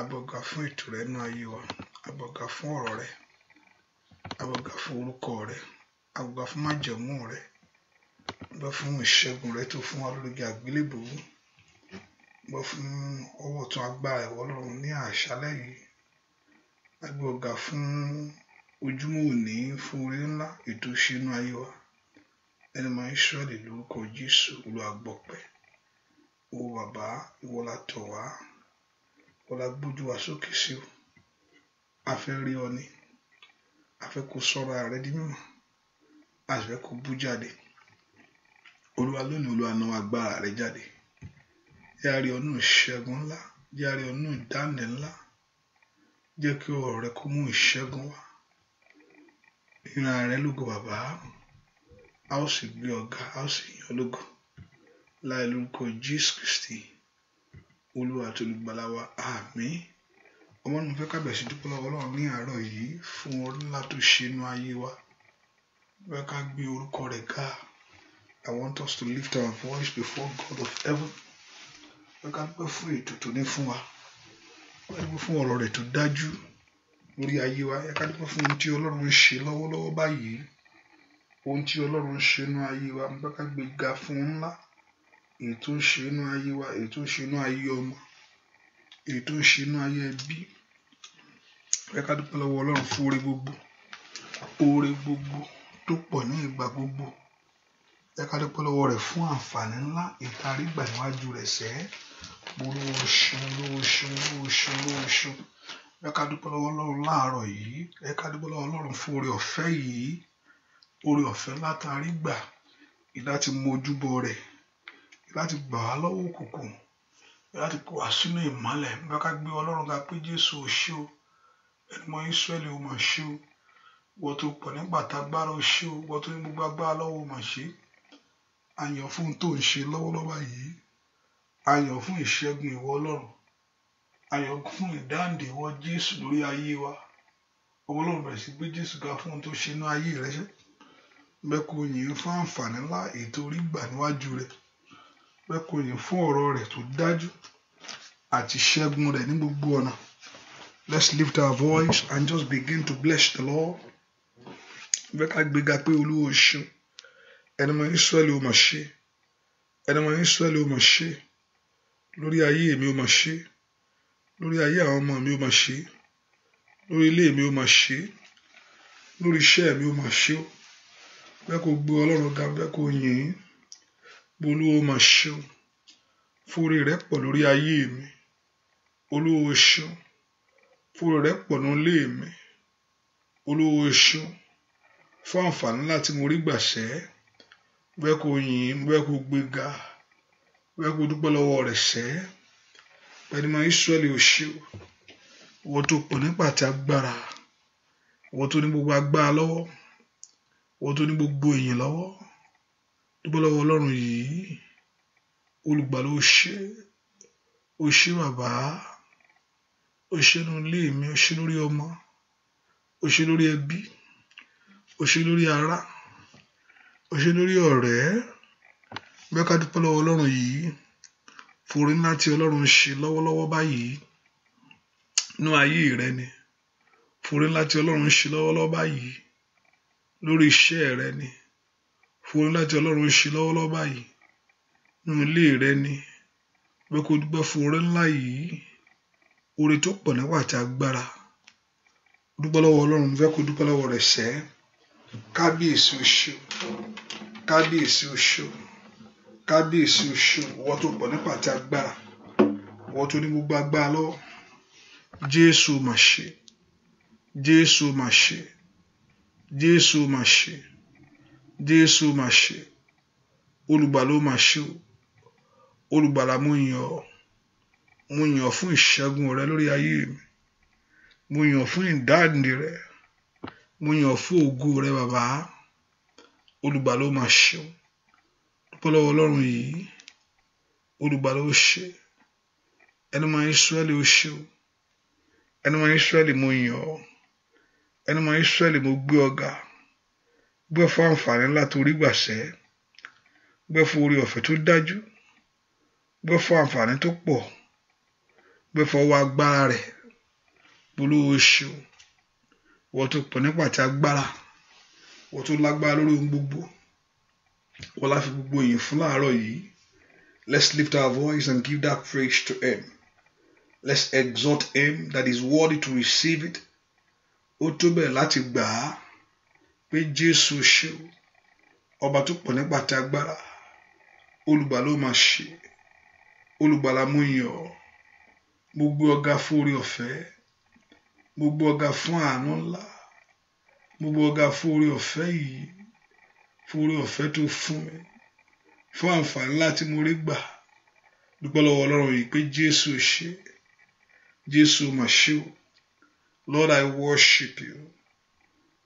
abọ̀gà fún ètò rẹ nínú ayé wa abọ̀gà fún ọ̀rọ̀ rẹ abọ̀gà fún orúkọ rẹ abọ̀gà fún májẹ̀mú rẹ gbọ́ fún ìṣẹ́gun rẹ tó fún wa lórí àgbélébùú fún ọwọ́ tún agbára ìwọ ọlọ́run ní àṣálẹ́ yìí agbọ̀gà fún ojúmọ́ òní fún orí ńlá ètò ìṣínú ayé wa ẹni máa ń ṣọ́ọ̀lì lórúkọ jésù olùwàgbọ̀pẹ̀ owó bàbá ìwọ tọ̀ wá ọ̀la gbójú wa sókè sí o a fẹ́ rí ọ ni a fẹ́ kó sọ̀rọ̀ ààrẹ di mímọ̀ a fẹ́ kó bú jáde olúwa lónìí olúwa náà agbára rẹ jáde yáa rí ọ̀nà ìṣẹ́gun ńlá a rí ọ̀nà ìdáǹdè ńlá jẹ́ kí ọ̀rọ̀ rẹ kó mú ìṣẹ́gun wá ìran rẹ lógo bàbá a ó sì gbé ọ̀gá a ó sì yan lógo láì lórúkọ Jésù Kristi olúwa àti olùgbàlà wa àmín ọmọ nínú sí dúpẹ́ lọ́wọ́ ọlọ́run ní àárọ̀ yìí fún ọlá tó ṣe ayé wa fẹ́ ká gbé orúkọ rẹ̀ ká I want us to lift our voice before God of heaven fẹ́ ká dúpẹ́ fún ètò tó ní fún wa fẹ́ ká dúpẹ́ fún ọ̀rọ̀ rẹ̀ tó dájú lórí ayé wa fẹ́ ká dúpẹ́ fún ohun tí ọlọ́run ń ṣe lọ́wọ́lọ́wọ́ báyìí ohun tí ọlọ́run ń ṣe inú ayé wa fẹ́ ká gbé ga fún ńlá èyí tó ń ṣe inú ayé wa èyí tó ń ṣe inú ayé ọmọ èyí tó ń ṣe inú ayé ẹbí ẹ ká dúpẹ́ lọ́wọ́ Ọlọ́run fún oore gbogbo oore gbogbo tó pọ̀ ní ìgbà gbogbo ẹ ká dúpẹ́ lọ́wọ́ rẹ̀ fún àǹfààní ńlá ìtarí gbà níwájú rẹ̀ sẹ́ olówó ṣeun olówó ṣeun olówó ṣeun olówó ṣeun ẹ ká yìí ẹ ká dúpẹ́ lọ́wọ́ Ọlọ́run fún oore ọ̀fẹ́ yìí oore ọ̀fẹ́ látàrí gbà ìdá ti mojúbọ rẹ̀ láti gbà wá lọ́wọ́ òkùnkùn láti kó wá sínú ìmọ́lẹ̀ bí wọ́n ká gbé ọlọ́run ga pé jésù ò ṣe o ẹni mọ́ ísírẹ́lì ò mọ̀ ṣe o wọ́n tó pọ̀ nígbà tágbára ò ṣe o wọ́n tó ní gbogbo agbára lọ́wọ́ ò mọ̀ ṣe àyàn fún tó ń ṣe lọ́wọ́lọ́wọ́ yìí àyàn fún ìṣẹ́gun ìwọ ọlọ́run àyàn fún ìdáǹdè ìwọ jésù lórí ayé wa ọmọ ọlọ́run bẹ̀rẹ̀ sí gbé jésù ga fún tó ṣe ní ayé rẹ ṣe bẹ́ẹ̀ kó yìn fún àǹfààní ńlá ètò orí gbà níwájú rẹ̀ pé fún ọ̀rọ̀ rẹ̀ tó dájú àti ṣẹ́gun rẹ̀ ní gbogbo ọ̀nà. Let's lift our voice and just begin to bless the Lord. Bẹ́ẹ̀ ká gbéga pé Olúwa ṣeun, ẹni mọ Ísírẹ́lì ó mà ṣe, ẹni mọ Ísírẹ́lì ó mà ṣe, lórí ayé mi ó mà ṣe, lórí ayé àwọn ọmọ mi ó mà ṣe, lórí ilé mi ó mà ṣe, lórí iṣẹ́ mi ó mà ṣe. Bẹ́ẹ̀ kó gbé Ọlọ́run ga, bẹ́ẹ̀ kó yìn ín olúwo mà ṣeun fúre rẹ pọ̀ lórí ayé mi olúwo ṣeun fúre rẹ pọ̀ nílé mi olúwo ṣeun fún àǹfààní ńlá tí mo rí gbàṣẹ bẹ́ẹ̀ kò yìn bẹ́ẹ̀ kò gbéga bẹ́ẹ̀ kò dúpẹ́ lọ́wọ́ rẹ̀ ṣẹ pẹ̀lú ọmọ Ísírẹ́lì ò tó pọ̀ nípa ti agbára ìwọ tó ní gbogbo agbára lọ́wọ́ ìwọ tó ní gbogbo èèyàn lọ́wọ́ dúpẹ́ lọ́wọ́ ọlọ́run yìí olùgbàlà ó ṣé ó ṣé bàbá ó ṣé nu ilé mi ó ṣé lórí ọmọ ó ṣé lórí ẹbí ó ṣé lórí ará ó ṣé lórí ọ̀rẹ́ bẹ́ẹ̀ ká ọlọ́run yìí forí ńlá tí ọlọ́run ṣe lọ́wọ́lọ́wọ́ báyìí nú ayé rẹ ni forí ńlá tí ọlọ́run ṣe lọ́wọ́lọ́wọ́ báyìí lórí iṣẹ́ rẹ ni fún láti ọlọ́run ṣe lọ́wọ́lọ́wọ́ báyìí nínú ilé rẹ ni pé kó dúpẹ́ fún oore ńlá yìí oore tó pọ̀ níwà àti agbára dúpẹ́ lọ́wọ́ ọlọ́run mo fẹ́ kó dúpẹ́ lọ́wọ́ rẹ̀ sẹ́ kábíyèsí oṣù kábíyèsí oṣù kábíyèsí oṣù ìwọ tó pọ̀ nípa àti agbára ìwọ tó ní gbogbo agbára lọ́wọ́ jésù màṣẹ jésù màṣẹ jésù màṣẹ jésù mà ṣe olùgbàlà mà ṣe o olùgbàlà mo yàn ọ́ mo yàn ọ́ fún ìṣẹ́gun rẹ lórí ayé mi mo yàn ọ́ fún ìdáǹdè rẹ mo yàn ọ́ fún ògo rẹ bàbá olùgbàlà mà ṣe o dúpẹ́ ọlọ́run yìí olùgbàlà ó ṣe ẹni máa Ísírẹ́lì ó ṣe o ẹni máa Ísírẹ́lì mo yàn ọ́ ẹni máa Ísírẹ́lì mo gbé ọ gbẹ́ fún àǹfààní ńlá tó rí gbàṣẹ́ gbẹ́ fún orí ọ̀fẹ́ tó dájú gbẹ́ fún àǹfààní tó pọ̀ gbẹ́ fún ọwọ́ agbára rẹ̀ polówó oṣù wọ́n tó pọ̀ nípa ti agbára wọ́n tó lágbára lórí ohun gbogbo wọ́n láfi gbogbo èyí fún láàárọ̀ yìí let's lift our voice and give that praise to him let's exalt him that is worthy to receive it ó tó bẹ̀rẹ̀ láti gbà á pé jésù ṣe o ọba tó pọ̀ nípa ti agbára olùgbà ló máa ṣe olùgbà la mú yàn mo gbé ọ̀gá fún orí ọ̀fẹ́ mo gbé ọ̀gá fún àánú ńlá mo gbé ọ̀gá fún orí ọ̀fẹ́ yìí fún orí ọ̀fẹ́ tó fún mi fún àǹfààní láti mo rí gbà dúpẹ́ lọ́wọ́ ọlọ́run yìí pé jésù ṣe jésù mà ṣe o Lord I worship you.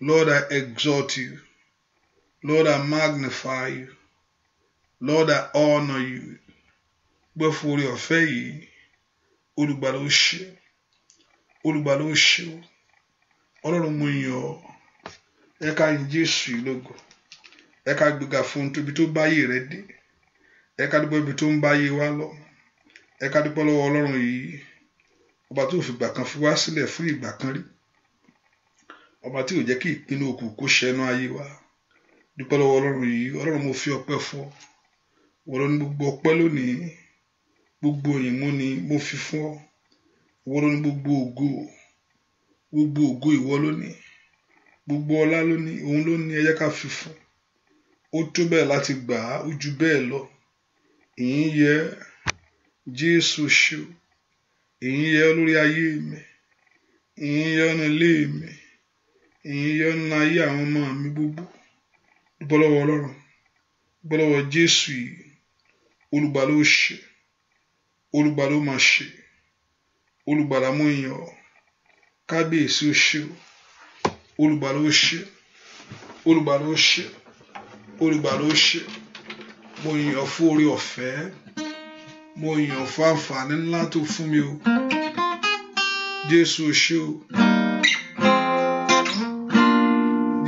Lord, I exalt you. Lord, I magnify you. Lord, I honor you. Gbé fún orí ọ̀fẹ́ yìí, olùgbàlà ó ṣe, olùgbàlà ó ṣe o, ọlọ́run mo yàn ọ́, ẹ ká yin Jésù yìí lógo, ẹ ká gbéga fún tóbi tó báyé rẹ dé, ẹ ká dúpẹ́ ibi tó ń báyé wa lọ, ẹ ká dúpẹ́ lọ́wọ́ ọlọ́run yìí, ọba tó fìgbà kan fi wá sílẹ̀ fún ìgbà kan rí ọba tí ò jẹ́ kí ìpinnu òkú kó ṣẹnu ayé wa dúpẹ́ lọ́wọ́ ọlọ́run yìí ọlọ́run mo fi ọpẹ́ fọ́ wọ́n lọ ní gbogbo ọpẹ́ lónìí gbogbo òyìn mú ni mo fi fún wọ́n ní gbogbo ògo gbogbo ògo ìwọ lónìí gbogbo ọlá lónìí òun ló ní ẹyẹ ká fi fún ó tó bẹ́ẹ̀ láti gbà á ó ju bẹ́ẹ̀ lọ ìyìn yẹ Jésù ṣe ìyìn yẹ lórí ayé mi ìyìn yẹ ọ́nà ilé mi ẹ̀yin yọ́nú ayé àwọn ọmọ mi gbogbo bọ́lọ́wọ́ ọlọ́run bọ́lọ́wọ́ jésù yìí olùgbàlà ó ṣe olùgbàlà ó máa ṣe olùgbàlà mú ìyàn kábíyèsí ó ṣe olùgbàlà ó ṣe olùgbàlà ó ṣe olùgbàlà ó ṣe mo yàn fún orí ọ̀fẹ́ mo yàn fún àǹfààní ńlá tó fún mi o jésù ó ṣe o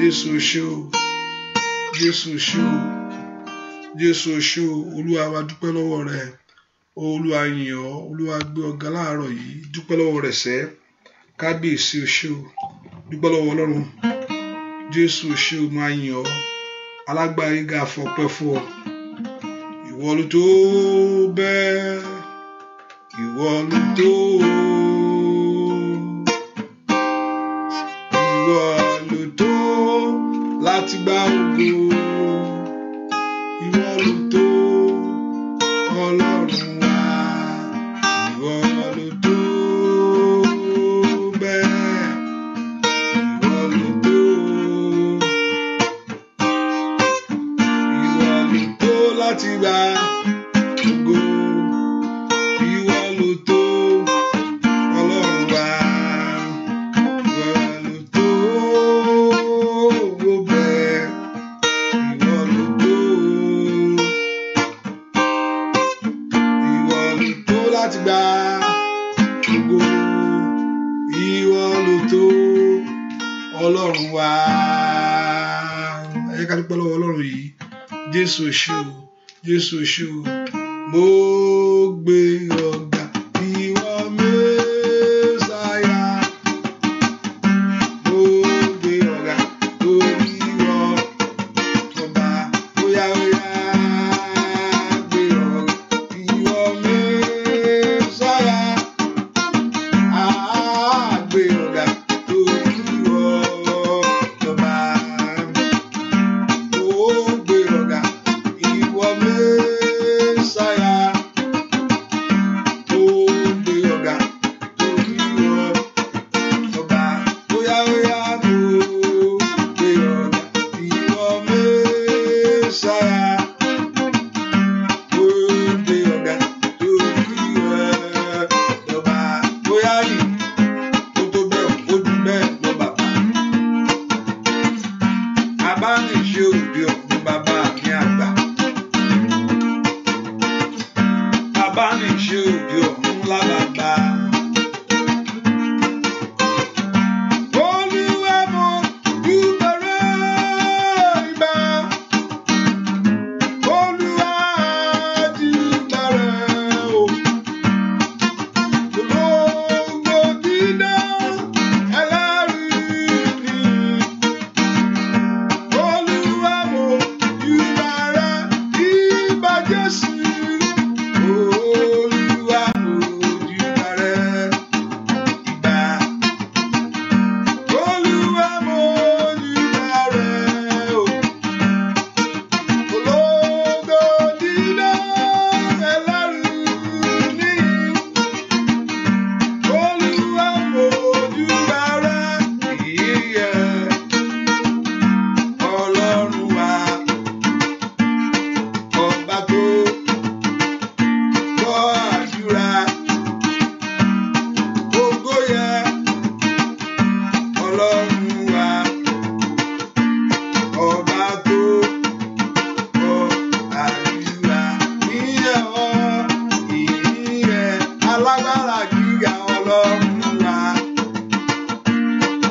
jésù ṣé o jésù ṣé o jésù ṣé o olúwa wa dúpẹ́ lọ́wọ́ rẹ olúwa yìn ọ́ olúwa gbé ọ̀gá láàárọ̀ yìí dúpẹ́ lọ́wọ́ rẹ sẹ́ kábíyèsí ṣé o dúpẹ́ lọ́wọ́ ọlọ́run jésù ṣé o máa yìn ọ́ alágbára ga fọpẹ́ fún ọ ìwọ tó bẹ́ẹ̀ ìwọ tó bẹ́ẹ̀. Jésù ṣe o Jésù ṣe o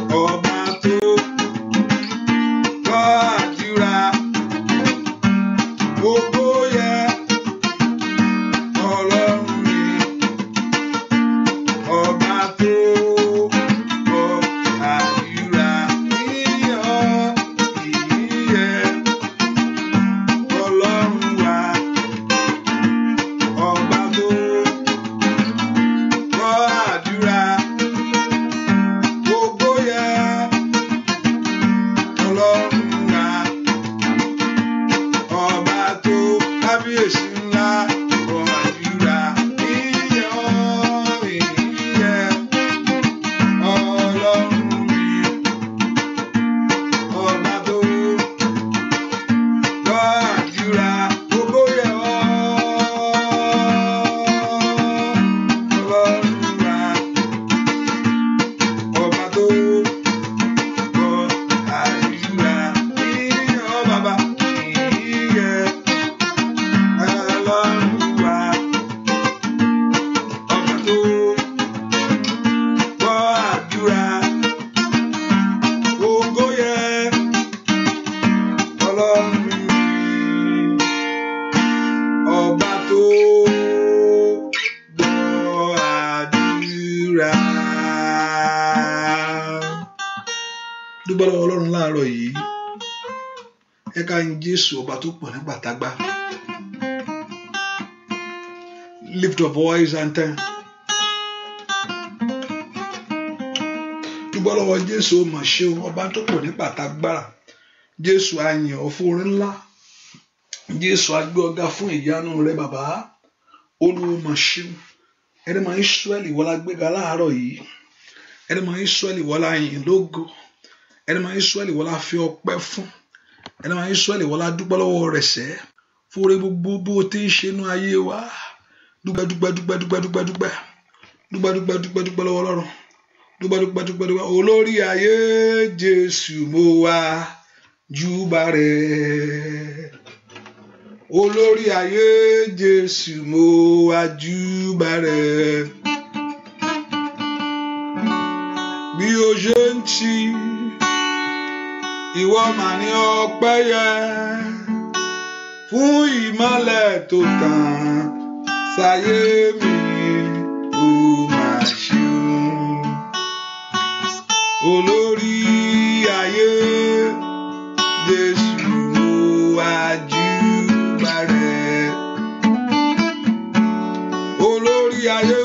Oh. tó pọ̀ nígbà tágbá. Lift your voice and ten. Dúpẹ́ lọ́wọ́ Jésù mọ̀ ṣeun ọba tó pọ̀ nígbà tágbára. Jésù àyàn ọ̀fun orí ńlá. Jésù agbé ọ̀gá fún ìyanu rẹ bàbá. Olúwo mọ̀ ṣeun. Ẹni máa ń Ísírẹ́lì wọlá gbéga láàárọ̀ yìí. Ẹni máa ń wọlá yìn lógo. Ẹni máa ń wọlá fi ọpẹ́ fún ẹni máa Ísírẹ́lì wọlá dúpẹ́ lọ́wọ́ rẹ̀ sẹ́ fúre gbogbo bó o ti ń ṣe inú ayé wa dúpẹ́ dúpẹ́ dúpẹ́ dúpẹ́ dúpẹ́ dúpẹ́ dúpẹ́ dúpẹ́ dúpẹ́ dúpẹ́ lọ́wọ́ Ọlọ́run dúpẹ́ dúpẹ́ dúpẹ́ dúpẹ́ olórí ayé Jésù mo wá júbà rẹ̀ olórí ayé Jésù mo wá júbà rẹ̀ bí o ṣe ń ti ìwọ mà ní ọpẹ́ yẹ fún ìmọ́lẹ̀ tó tàn sáyé mi ó mà ṣeun olórí ayé Jésù àjùbà olórí ayé.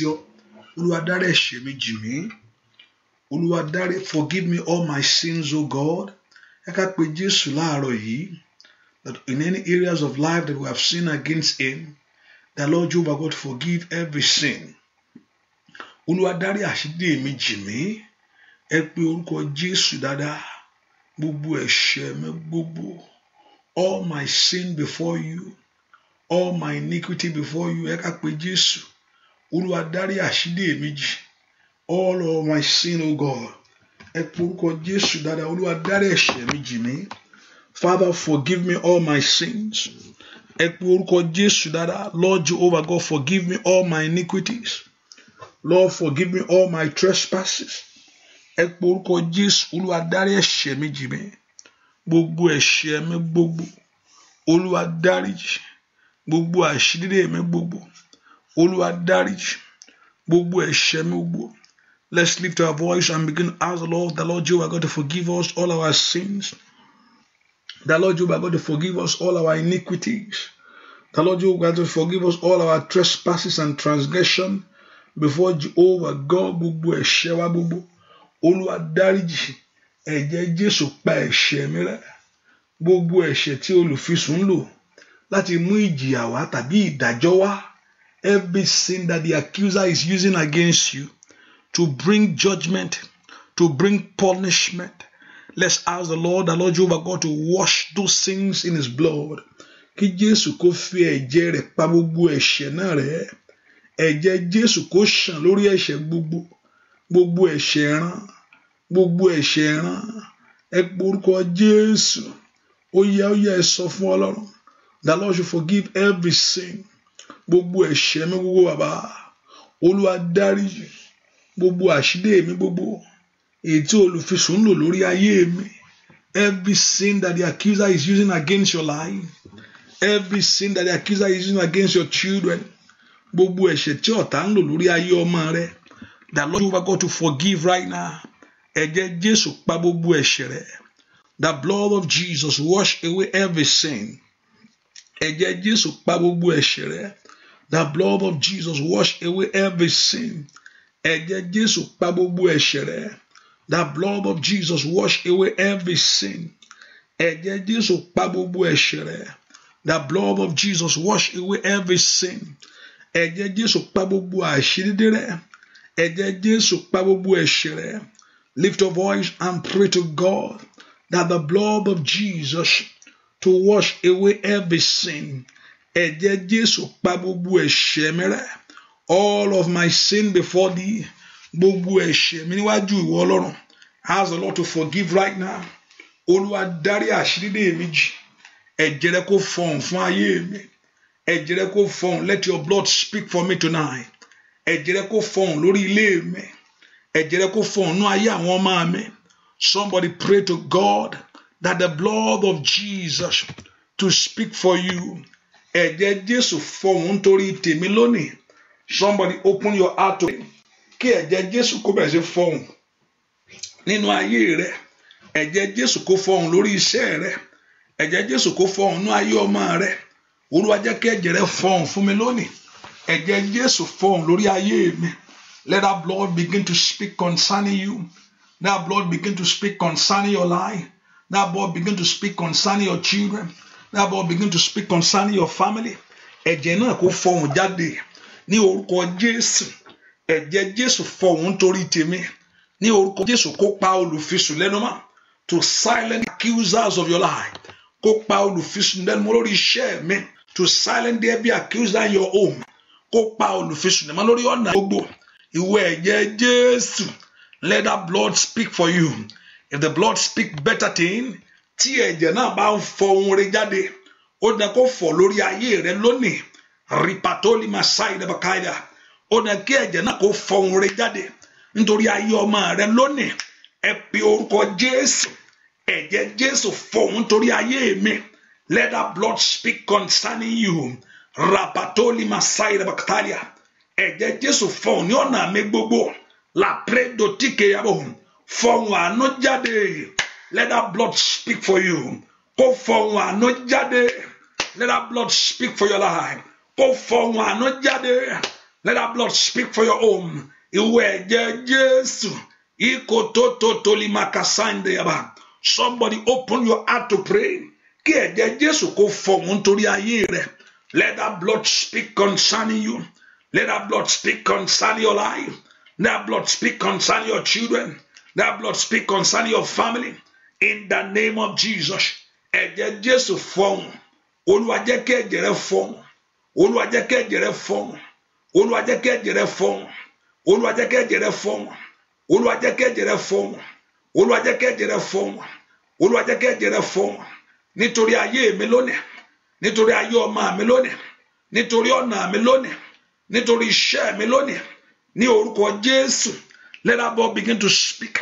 sí ọ olúwa dárí ẹ̀ṣẹ̀ mi jì mí olúwa dárí forgive me all my sins o God ẹ ká pe Jésù láàárọ̀ yìí that in any areas of life that we have sinned against him that Lord Jehovah God forgive every sin olúwa dárí àṣírí mi jì mí ẹ pe orúkọ Jésù dáadáa gbogbo ẹ̀ṣẹ̀ mi gbogbo all my sin before you all my iniquity before you ẹ ká pe Jésù olúwa dárí àṣídé mi all of my sin o oh God ẹ porúkọ jésù dáadáa olúwa dárí ẹ̀ṣẹ̀ mi father forgive me all my sins ẹ porúkọ jésù dáadáa lord jehovah god forgive me all my iniquities lord forgive me all my trespasses ẹ porúkọ jésù olúwa dárí ẹ̀ṣẹ̀ mi jì mí gbogbo ẹ̀ṣẹ̀ mi gbogbo olúwa dáríjì gbogbo àṣírí mi gbogbo olúwa dáríjì gbogbo ẹ̀ṣẹ̀ mi gbogbo let's lift our voice and begin ask the lord the lord jehovah god to forgive us all our sins the lord jehovah god to forgive us all our iniquities the lord jehovah god to forgive us all our trespasses and transgression before jehovah god gbogbo ẹ̀ṣẹ̀ wa gbogbo olúwa dáríjì ẹ̀jẹ̀ jésù pa ẹ̀ṣẹ̀ mi rẹ́ gbogbo ẹ̀ṣẹ̀ tí olùfisùn lò láti mú ìjìyà wá tàbí ìdájọ́ wá. every sin that the accuser is using against you to bring judgment, to bring punishment. Let's ask the Lord, the Lord Jehovah God, to wash those sins in His blood. Kí Jésù kó fi ẹ̀jẹ̀ rẹ̀ pa gbogbo ẹ̀ṣẹ̀ náà rẹ̀. Ẹ̀jẹ̀ Jésù kó ṣàn lórí ẹ̀ṣẹ̀ gbogbo. Gbogbo ẹ̀ṣẹ̀ rán. Gbogbo ẹ̀ṣẹ̀ rán. Ẹ porúkọ Jésù. Ó yẹ ó yẹ ẹ sọ fún Ọlọ́run. The Lord should forgive every sin. gbogbo ẹ̀ṣẹ̀ mi gbogbo bàbá olúwa dáríjì gbogbo àṣídé mi gbogbo èyí tí olùfisùn ń lò lórí ayé mi every sin that the accuser is using against your life every sin that the accuser is using against your children gbogbo ẹ̀ṣẹ̀ tí ọ̀tá ń lò lórí ayé ọmọ rẹ that Lord you have got to forgive right now ẹ̀jẹ̀ Jésù pa gbogbo ẹ̀ṣẹ̀ rẹ the blood of Jesus wash away every sin ẹ̀jẹ̀ Jésù pa gbogbo ẹ̀ṣẹ̀ rẹ. The blood of Jesus wash away every sin. Ẹ̀jẹ̀ Jésù pa gbogbo ẹ̀ṣẹ̀ rẹ̀. The blood of Jesus wash away every sin. Ẹ̀jẹ̀ Jésù pa gbogbo ẹ̀ṣẹ̀ rẹ̀. The blood of Jesus wash away every sin. Ẹ̀jẹ̀ Jésù pa gbogbo àṣírí rẹ̀. Ẹ̀jẹ̀ Jésù pa gbogbo ẹ̀ṣẹ̀ rẹ̀. Lift your voice and pray to God that the blood of Jesus to wash away every sin. ẹ̀jẹ̀ Jésù pa gbogbo ẹ̀ṣẹ̀ mi rẹ́ all of my sin before thee gbogbo ẹ̀ṣẹ̀ mi níwájú ìwọ Ọlọ́run the Lord to forgive right now Olúwa dárí àṣírídé mi jì ẹ̀jẹ̀ rẹ kó fọhùn fún ayé mi ẹ̀jẹ̀ rẹ kó fọhùn let your blood speak for me tonight ẹ̀jẹ̀ rẹ kó fọhùn lórí ilé mi ẹ̀jẹ̀ rẹ kó fọhùn ní ayé àwọn ọmọ mi somebody pray to God that the blood of Jesus to speak for you. ẹ̀jẹ̀ Jésù fọhùn nítorí tèmi lónìí somebody open your heart to me kí ẹ̀jẹ̀ Jésù kó bẹ̀rẹ̀ sí fọhùn nínú ayé rẹ ẹ̀jẹ̀ Jésù kó fọhùn lórí iṣẹ́ rẹ ẹ̀jẹ̀ Jésù kó fọhùn nínú ayé ọmọ rẹ Olúwa jẹ́ kí ẹ̀jẹ̀ rẹ fọhùn fún mi lónìí ẹ̀jẹ̀ Jésù fọhùn lórí ayé mi let that blood begin to speak concerning you that blood begin to speak concerning your life that blood begin to speak concerning your children that God begin to speak concerning your family ẹ̀jẹ̀ náà kó fọhùn jáde ní orúkọ Jésù ẹ̀jẹ̀ Jésù fọhùn torí tèmi ní orúkọ Jésù kó pa olùfisùn lẹ́nu mọ́ to silent accusers of your life kó pa olùfisùn lẹ́nu mọ́ lórí iṣẹ́ mi to silent there be accuser in your home kó pa olùfisùn lẹ́nu mọ́ lórí ọ̀nà gbogbo ìwọ ẹ̀jẹ̀ Jésù let that blood speak for you if the blood speak better thing tí ẹ̀jẹ̀ náà bá ń fọ ohun rẹ̀ jáde ó dẹ kó fọ lórí ayé rẹ lónìí ripatoli masai dẹbàkáyà ó dẹ kí ẹ̀jẹ̀ náà kó fọ ohun rẹ̀ jáde nítorí ayé ọmọ rẹ lónìí ẹ pe orúkọ jésù ẹ̀jẹ̀ jésù fọ ohun torí ayé mi let that blood speak concerning you rapatoli masai dẹbàkáyà ẹ̀jẹ̀ jésù fọ ohun ní ọ̀nà mi gbogbo la predo yabo fọ ohun àánú jáde. Let that blood speak for you. Go fọ wọn àná jáde. Let that blood speak for your life. Go fọ wọn àná jáde. Let that blood speak for your home. Ìwẹ̀ ẹ̀jẹ̀ Jésù. Iko toto tolimaka sande yaba. Somebody open your heart to pray. Kí Jesus Jésù kó fọ wọn Let that blood speak concerning you. Let that blood speak concerning your life. Let that blood speak concerning your children. Let that blood speak concerning your family in the name of Jesus ẹ̀jẹ̀ Jésù fọhùn Olúwa jẹ́ kí ẹ̀jẹ̀ rẹ fọhùn Olúwa jẹ́ kí ẹ̀jẹ̀ rẹ fọhùn Olúwa jẹ́ kí ẹ̀jẹ̀ rẹ fọhùn Olúwa jẹ́ kí ẹ̀jẹ̀ rẹ fọhùn Olúwa jẹ́ kí ẹ̀jẹ̀ rẹ fọhùn Olúwa jẹ́ kí ẹ̀jẹ̀ rẹ fọhùn Olúwa jẹ́ rẹ fọhùn nítorí ayé mi lónìí nítorí ayé ọmọ mi lónìí nítorí ọ̀nà mi lónìí nítorí iṣẹ́ mi lónìí ní orúkọ Jésù let our God begin to speak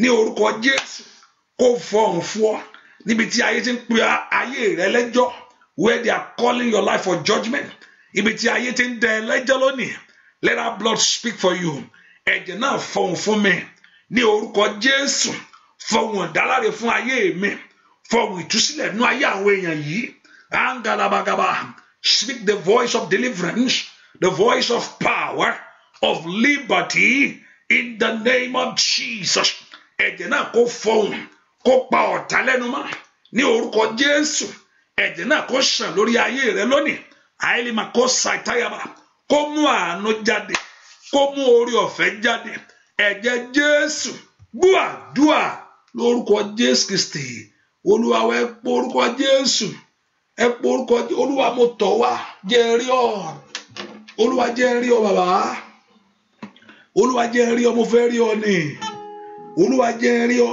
ní orúkọ Jésù ó fọhùn fún ọ níbi tí ayé ti ń pe ayé rẹ lẹ́jọ́ where they are calling your life for judgment ibi tí ayé ti ń dẹ lẹ́jọ́ lónìí let our blood speak for you ẹ̀jẹ̀ náà fọhùn fún mi ní orúkọ Jésù fọhùn ọ̀dáláre fún ayé mi fọhùn ìtúsílẹ̀ nú ayé àwọn èèyàn yìí angalabagaba speak the voice of deliverance the voice of power of liberty in the name of Jesus ẹ̀jẹ̀ náà kò fọhùn. kó pa ọ̀tá lẹ́nu mọ́ ní orúkọ Jésù ẹ̀jẹ̀ náà kó ṣàn lórí ayé rẹ lónìí àìlèmọ̀ kó ṣàìtayàbà kó mú àánú jáde kó mú orí ọ̀fẹ́ jáde ẹ̀jẹ̀ Jésù gbúàdúà lórúkọ Jésù Kristi Olúwa wa ẹ pọ orúkọ Jésù ẹ pọ orúkọ Olúwa mo tọ̀ wá jẹ́ rí ọ Olúwa jẹ́ rí ọ bàbá Olúwa jẹ́ rí ọ mo fẹ́ rí ọ ni Olúwa jẹ́ rí ọ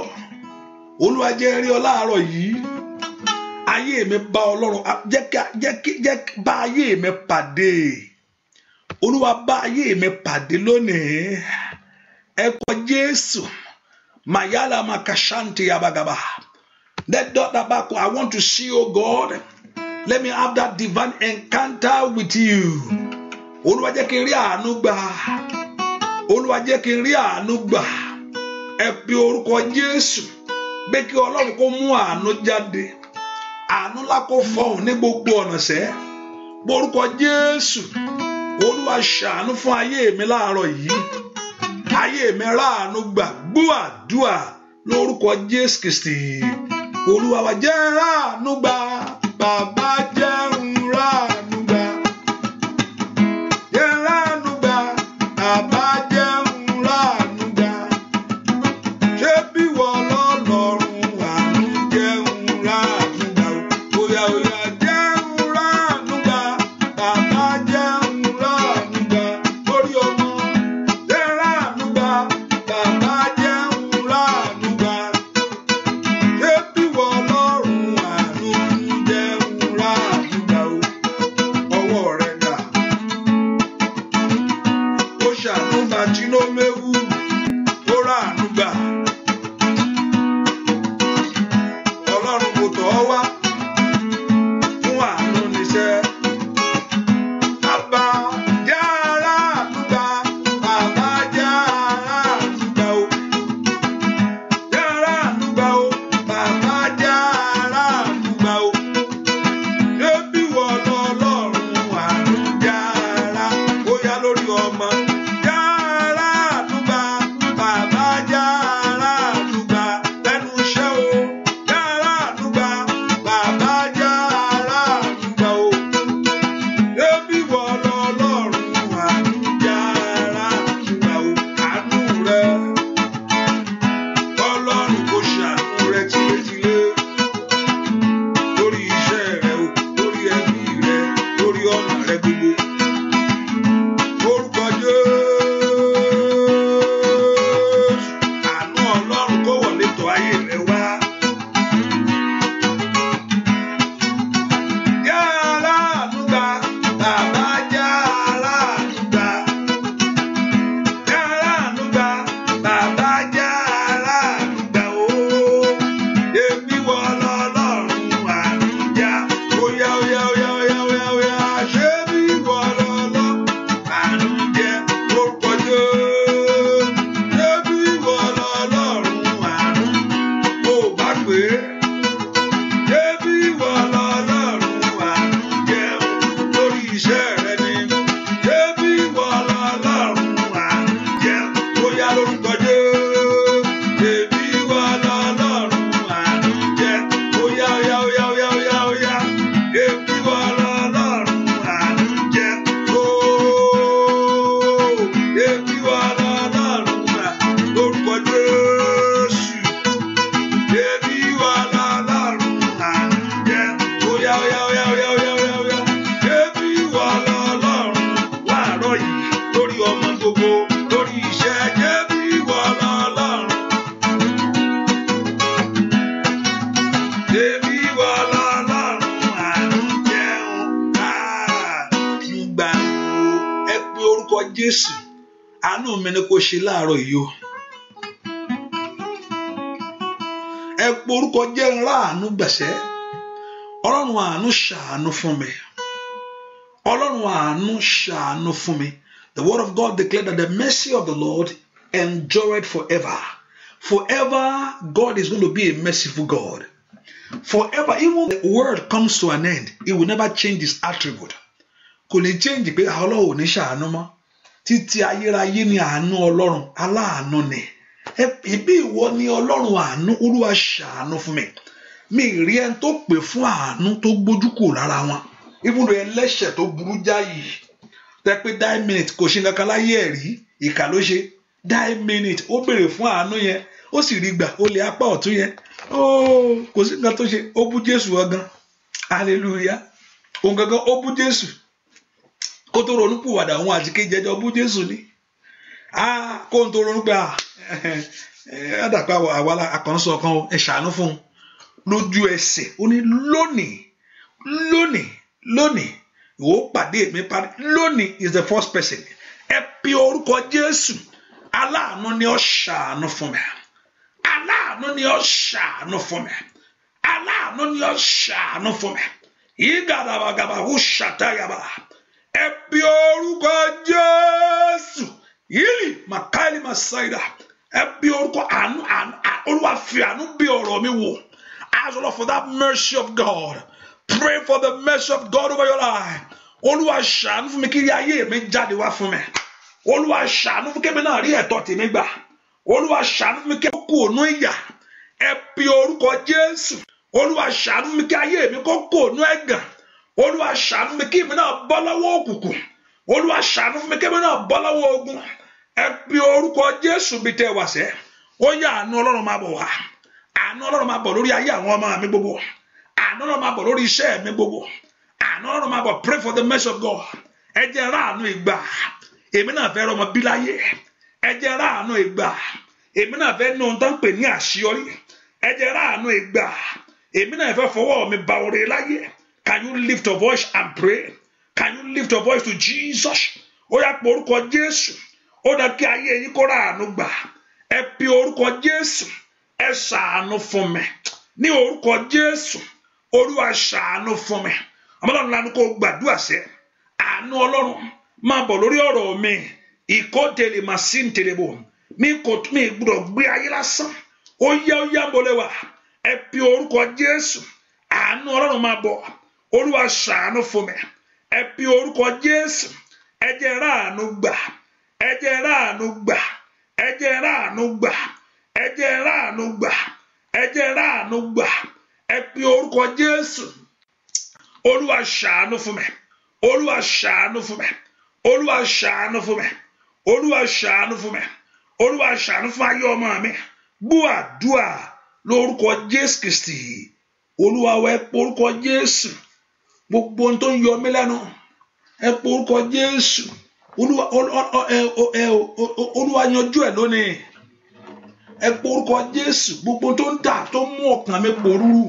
olúwa jẹ́ rí ọ láàárọ̀ yìí ayé mi bá ọlọ́run jẹ́ kí jẹ́ bá ayé mi pàdé olúwa bá ayé mi pàdé lónìí ẹ kọ jésù mayala makashanti yabagaba Let daughter back i want to see you oh god let me have that divine encounter with you olúwa jẹ́ kí n rí àánú gbà olúwa jẹ́ kí n rí àánú gbà ẹ pe orúkọ jésù pé kí ọlọ́run kó mú àánú jáde àánú ńlá kó fọhùn ní gbogbo ọ̀nà sẹ́ borúkọ jésù olúwa ṣàánú fún ayé mi láàárọ̀ yìí ayé mi ráàánú gbà gbúàdúà lórúkọ jésù kristi olúwa wa jẹ́ ráàánú gbà bàbá jẹ́ ṣe láàárọ̀ yìí o ẹ porúkọ jẹ́ ńláàánú gbẹ̀sẹ́ ọlọ́run àánú ṣàánú fún mi ọlọ́run àánú ṣàánú fún mi the word of God declared that the mercy of the Lord endured forever forever God is going to be a merciful God forever even the world comes to an end he will never change his attribute kò ní change pé ọlọ́run ò ní ṣàánú mọ́ títí ayérayé ni àánú ọlọ́run aláàánú ni ìbí ìwọ ni ọlọ́run àánú olúwa ṣàánú fún mi mi rí ẹni tó pè fún àánú tó gbójú kò lára wọn ibùdó ẹlẹ́ṣẹ̀ tó burú jáyì tẹ́ pé minute kò ṣe kankan láyé ẹ̀ rí ìkà ló ṣe die minute ó béèrè fún àánú yẹn ó sì rí gbà ó lè apá ọ̀tún yẹn kò sí nǹkan tó ṣe ó bú jésù ọgán hallelujah òun gangan ó bú jésù kó tó ronú pùwàdà òun àti kejì ẹjọ́ bú Jésù ni kó n tó ronú pé ẹ dàpẹ́ àwa àkànṣe ọ̀kan ẹ ṣàánú fún un lójú ẹsẹ̀ ó ní lónìí lónìí lónìí ìwọ pàdé mi parí lónìí is the first person ẹ pe orúkọ Jésù aláàánú ni ó ṣàánú fún mi aláàánú ni ó ṣàánú fún mi aláàánú ni ó ṣàánú fún mi ìgàdàbàgàbà ó ṣàtàyàbà ẹ pe orúkọ Jésù yìí màkàlì màsáìdà ẹ pe orúkọ àánú àánú Olúwa fi àánú bí ọ̀rọ̀ mi wò ask for that mercy of God pray for the mercy of God over your life Olúwa ṣàánú fún mi kí ayé mi jáde wá fún mi Olúwa ṣàánú fún kémi náà rí ẹ̀tọ́ tèmi gbà Olúwa ṣàánú fún mi kí ó kú ònú ìyà ẹ pe orúkọ Jésù Olúwa ṣàánú fún mi kí ayé mi kó kú ònú ẹ̀gàn olúwa ṣàánú mi kí èmi náà bọ́ lọ́wọ́ òkùnkùn olúwa ṣàánú mi kí èmi náà bọ́ lọ́wọ́ ogun ẹ pe orúkọ jésù bíi tẹ wá sẹ́ ó yá àánú ọlọ́run máa bọ̀ wá àánú ọlọ́run máa bọ̀ lórí ayé àwọn ọmọ mi gbogbo àánú ọlọ́run máa bọ̀ lórí iṣẹ́ mi gbogbo àánú ọlọ́run máa bọ̀ pray for the mercy of God ẹ jẹ́ ráàánú ìgbà èmi náà fẹ́ rọmọ bí láyé ẹ jẹ́ ráàánú ìgbà èmi náà fẹ́ nu ohun tó ń pè ní àṣeyọrí ẹ jẹ́ ráàánú ìgbà Can you lift your voice and pray? Can you lift your voice to Jesus? Ó yá pé orúkọ Jésù. Ó dá kí ayé yín kó ráàánú gbà. Ẹ pe orúkọ Jésù. Ẹ ṣàánú fún mi. Ní orúkọ Jésù, Olúwa ṣàánú fún mi. Ọmọlọ́run lanu kó gbàdúrà sẹ́. Àánú Ọlọ́run máa bọ̀ lórí ọ̀rọ̀ mi. Ìkọ́tẹ̀lẹ̀ màá sí ntẹ̀lẹ̀bọ̀. Mi kò mi gbúdọ̀ gbé ayé lásán. Ó yá ó yá bolẹ̀ wá. Ẹ pe orúkọ Jésù. Àánú Ọlọ́run máa bọ̀ olúwa ṣàánú fún mi ẹ pe orúkọ jésù ẹ jẹ́ ráàánú gbà ẹ jẹ́ ráàánú gbà ẹ jẹ́ ráàánú gbà ẹ jẹ́ ráàánú gbà ẹ jẹ́ ráàánú gbà ẹ pe orúkọ jésù olúwa ṣàánú fún mi olúwa ṣàánú fún mi olúwa ṣàánú fún mi olúwa ṣàánú fún mi olúwa ṣàánú fún ayé ọmọ mi gbọ́ àdúà lórúkọ jésù kristi olúwa wẹ orúkọ jésù gbogbo ohun tó ń yọ mí lẹ́nu ẹ pé orúkọ Jésù olúwa yanjú ẹ lónìí ẹ pé orúkọ Jésù gbogbo ohun tó ń dà tó mú ọkàn mi pòrúurú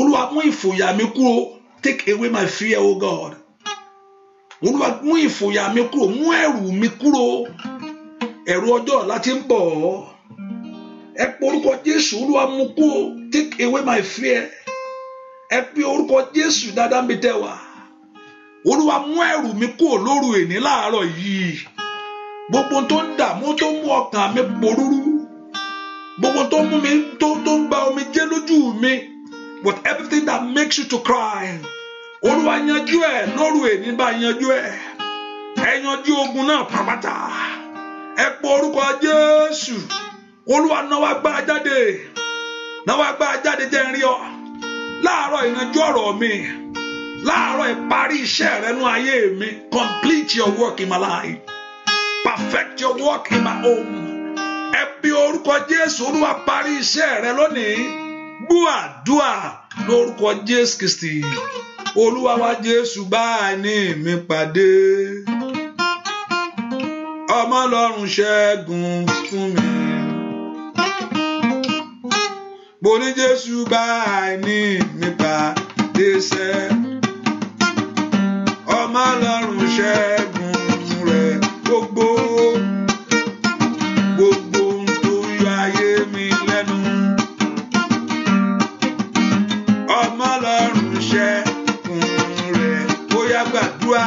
olúwa mú ìfòyà mi kúrò take away my fear o God olúwa mú ìfòyà mi kúrò mú ẹ̀rù mi kúrò ẹ̀rù ọjọ́ láti ń bọ̀ ẹ pé Jésù olúwa mú kúrò take away my fear ẹ orúkọ Jésù dáadáa mi tẹ wá olúwa mú ẹrù mi kúrò lóru èní láàárọ̀ yìí gbogbo tó ń dààmú tó ń mú ọkàn mi porúrú gbogbo tó ń mú mi tó tó ń gba omi jẹ́ lójú mi but everything that makes you to cry olúwa yanjú ẹ lóru èní bá yanjú ẹ ẹ yanjú ogun náà pàpàtà ẹ pọ orúkọ Jésù olúwa náwó agbára jáde náwó agbára jáde jẹ́ ń rí ọ láàárọ̀ ìyanjú ọ̀rọ̀ mi láàárọ̀ ìparí iṣẹ́ rẹ nú ayé mi complete your work in my life perfect your work in my home ẹ pe orúkọ Jésù Olúwa parí iṣẹ́ rẹ lónìí gbúà dúà lórúkọ Jésù Kristi Olúwa wa Jésù bá àìní mi pàdé ọmọ Ọlọ́run ṣẹ́gun fún mi mo ní Jésù gbá àìní mi pàdé sẹ́ ọmọ ọlọ́run ṣẹ́gun rẹ̀ gbogbo gbogbo ohun tó yọ ayé mi lẹ́nu ọmọ ọlọ́run ṣẹ́gun rẹ̀ ó yá gbàdúrà.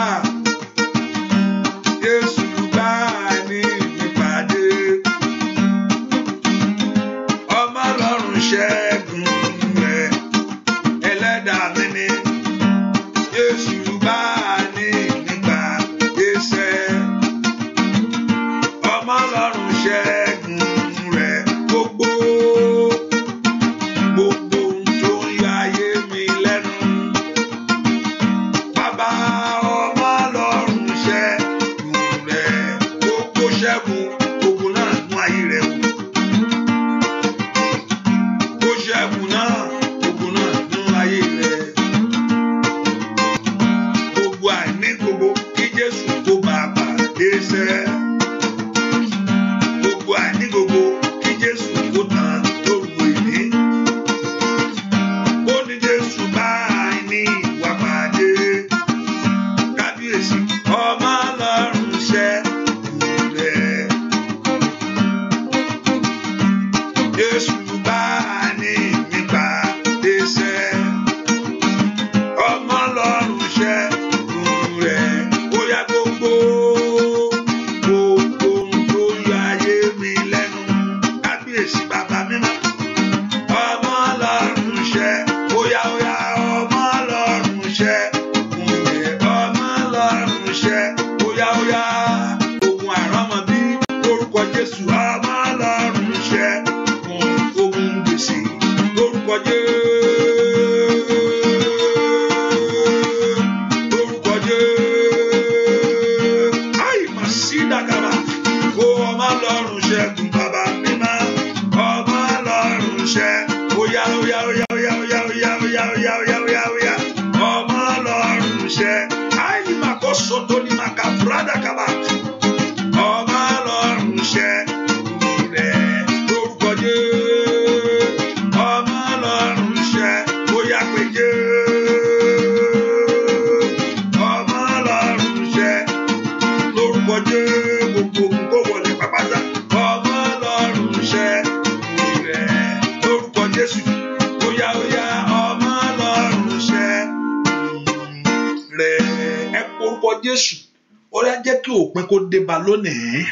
labor lónìí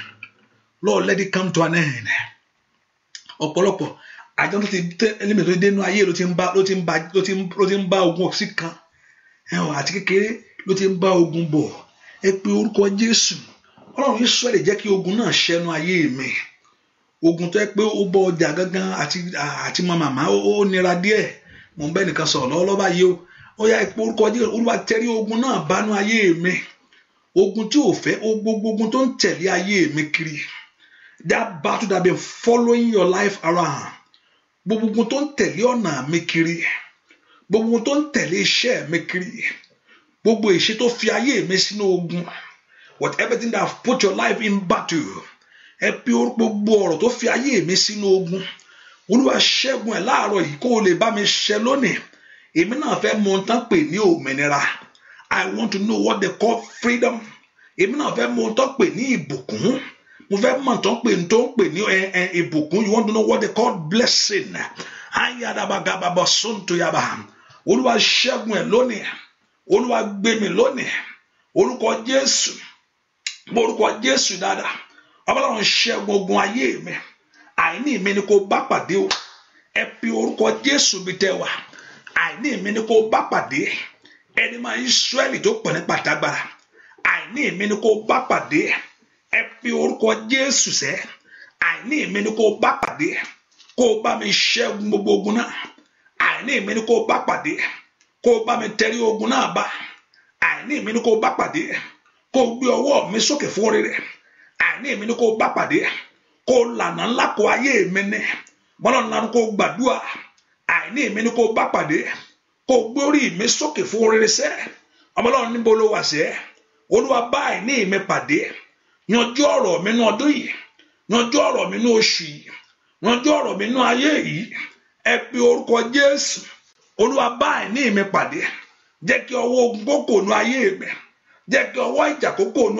Lord let it come to an end ọ̀pọ̀lọpọ̀ àjọ tó ti tẹ ẹlẹ́mìí tó ti dénú ayé ló ti ń bá ló ti ń bá ló ti ń ló ti ń bá ogun ọ̀sìn kan ẹ̀wọ̀n àti kékeré ló ti ń bá ogun bọ̀ ẹ pe orúkọ Jésù Ọlọ́run Ísírẹ́lì jẹ́ kí ogun náà ṣẹnu ayé mi ogun tó yẹ pé ó bọ ọjà gangan àti àti mọ màmá ó nira díẹ̀ mò ń bẹ́ nìkan sọ̀rọ̀ lọ́wọ́ lọ́ba yìí ó ó yá ẹ pe orúkọ Jésù Olúwa tẹrí ogun náà bánú ayé mi ogun tí ò fẹ́ ogun tó ń tẹ̀lé ayé mi kiri that battle that been following your life around gbogbo ogun tó ń tẹ̀lé ọ̀nà mi kiri gbogbo ogun tó ń tẹ̀lé iṣẹ́ mi kiri gbogbo ìṣe tó fi ayé mi sínú ogun whatever thing that put your life in battle ẹ pé gbogbo ọ̀rọ̀ tó fi ayé mi sínú ogun olúwa ṣẹ́gun ẹ̀ láàárọ̀ yìí kó o lè bá mi ṣẹ lónìí èmi náà fẹ́ mọ ohun tán pè ní òmìnira I want to know what they call freedom èmi náà fẹ́ mọ ohun tó ń pè ní ìbùkún mo fẹ́ mọ̀ tó ń pè tó ń pè ní ìbùkún you want to know what they call blessing ayadabagababa sontoyaba olúwa ṣẹ́gun ẹ̀ lónìí olúwa gbé mi lónìí orúkọ jésù orúkọ jésù dáadáa ọbọláwọn ṣẹ́gun ogun ayé mi àìní mi ni kò bá pàdé o ẹ pe orúkọ jésù mi tẹ wá àìní mi ni kò bá pàdé. ẹni máa Ísírẹ́lì tó pọ̀ nípa tagbára àìní mi ni kó bá pàdé ẹ fi orúkọ Jésù sẹ́ àìní mi ni kó bá pàdé kó bá mi ṣẹ́gun gbogbo ogun náà àìní mi ni bá pàdé kó bá mi ogun náà bá àìní mi ni bá pàdé mi sókè fún rere àìní mi ni bá pàdé kó lànà ńlá kó ayé kó gbé orí mi sókè fún rere sẹ́ ọmọlọ́run níbo ló wà olúwa báyìí ní ìmí pàdé yanjú ọ̀rọ̀ mi ọdún yìí yanjú ọ̀rọ̀ mi oṣù yìí yanjú ọ̀rọ̀ mi ayé yìí ẹ pe pàdé kí ayé mi kí ogun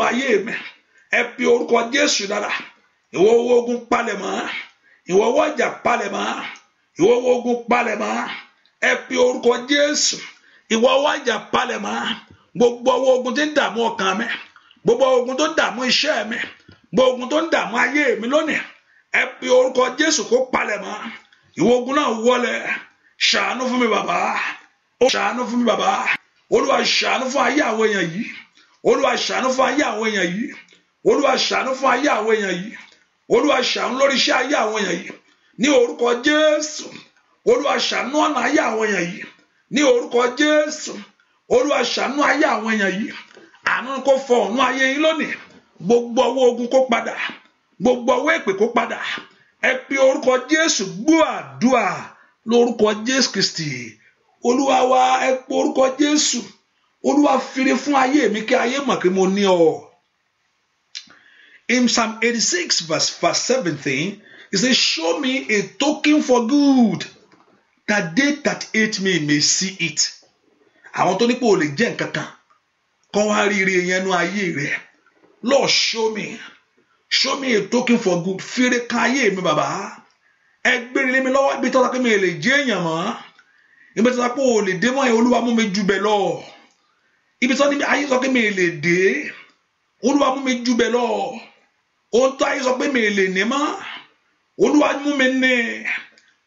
ìwọ ìjà ogun ẹ pe orúkọ jésù ìwọ wá jà palẹ̀mọ́ gbogbo ọwọ́ ogun tí ń dààmú ọkàn mi gbogbo ogun tó ń dààmú iṣẹ́ mi gbogbo ogun tó ń dààmú ayé mi lónìí ẹ pe orúkọ jésù kó palẹ̀mọ́ ìwọ ogun náà wọlẹ̀ ṣàánú fún mi bàbá ó ṣàánú fún mi bàbá olúwa ṣàánú fún ayé àwọn èèyàn yìí olúwa ṣàánú fún ayé àwọn èèyàn yìí olúwa ṣàánú fún ayé àwọn èèyàn yìí olúwa ṣàánú lórí iṣẹ́ ayé àwọn èèyàn yìí ní orúkọ jésù olúwa ṣàánú ọ̀nà ayé àwọn èèyàn yìí ní orúkọ jésù olúwa ṣàánú ayé àwọn èèyàn yìí àánú kó fọ ọ̀nà ayé yín lónìí gbogbo ọwọ́ ogun kó padà gbogbo ọwọ́ èpè kó padà ẹ pe orúkọ jésù gbọ́ àdúà lórúkọ jésù kristi olúwa wa ẹ pe orúkọ jésù olúwa fire fún ayé mi kí ayé mọ̀ pé mo ní ọ. In Psalm 86 verse, verse 17, he says, Show me a token for good that they that hate me may see it àwọn tó nípò lè jẹ́ nǹkan kan kọ́ wá rírì yẹn nú ayé rẹ̀ Lord show me show me a token for good fèrè kan ayé mi bàbá ẹ gbére lé mi lọ́wọ́ ibi tọ́ta pé mi lè jẹ́ èèyàn mọ́ ibi tọ́ta pé o lè dé mọ́ ẹ olúwa mú mi jù bẹ́ẹ̀ lọ ibi tọ́ta pé ayé sọ pé mi lè dé olúwa mú mi jù bẹ́ẹ̀ lọ ohun tó ayé sọ pé mi lè ní mọ́ olúwa mú mi ní.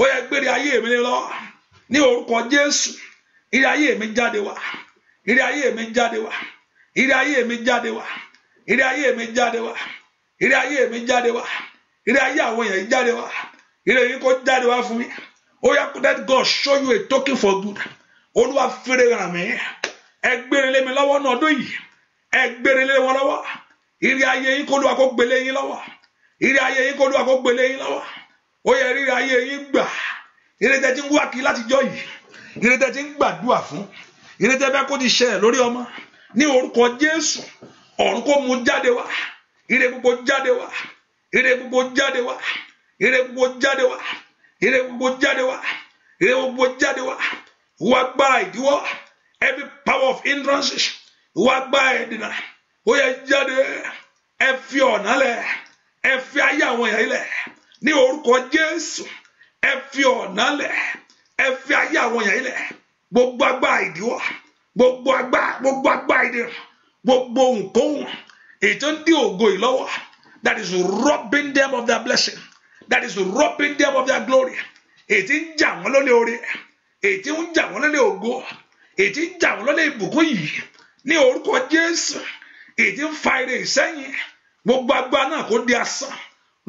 ó yẹ gbére ayé mi lọ ní orúkọ Jésù ire ayé mi jáde wá ire ayé mi jáde wá ire ayé mi jáde wá ire ayé mi jáde wá ire ayé mi jáde wá ire ayé àwọn èèyàn jáde wá ire yìí kò jáde wá fún mi ó yá let God show you a token for good olúwa fèrè ràn mí ẹ gbére lé mi lọ́wọ́ náà ọdún yìí ẹ gbére lé wọn lọ́wọ́ ire ayé yìí kó lóra kó gbélé yín lọ́wọ́ ire ayé yìí kó lóra kó gbélé yín lọ́wọ́ ó yẹ ríra ayé yín gbà ìrètẹ́ tí ń wá kí látijọ́ yìí ìrètẹ́ tí ń gbàdúrà fún ìrètẹ́ bẹ́ẹ̀ kó ti ṣẹlẹ̀ lórí ọmọ ní orúkọ Jésù ọ̀run kó mú jáde wá ire gbogbo jáde wá ire gbogbo jáde wá ire gbogbo jáde wá ire gbogbo jáde wá ire gbogbo jáde wá ìwọ agbára ìdíwọ́ every power of hindrances ìwọ agbára ìdènà ó yẹ jáde ẹ fi ọ̀nà lẹ̀ ẹ fi ayé àwọn èèyàn lẹ̀ ní orúkọ Jésù ẹ fi ọ̀nà lẹ̀ ẹ fi ayé àwọn èèyàn ilẹ̀ gbogbo agbá ìdíwọ́ gbogbo agbá gbogbo agbá ìdí gbogbo nkóhùn èyí tó ń dí ògo yìí lọ́wọ́ that is robbing them of their blessing that is robbing them of their glory èyí tí ń jà wọ́n lólè orí èyí tí ń jà wọ́n lólè ògo èyí tí ń jà wọ́n lólè ìbùkún yìí ní orúkọ Jésù èyí tí ń fa ire ìsẹ́yìn gbogbo agbá náà kó di asán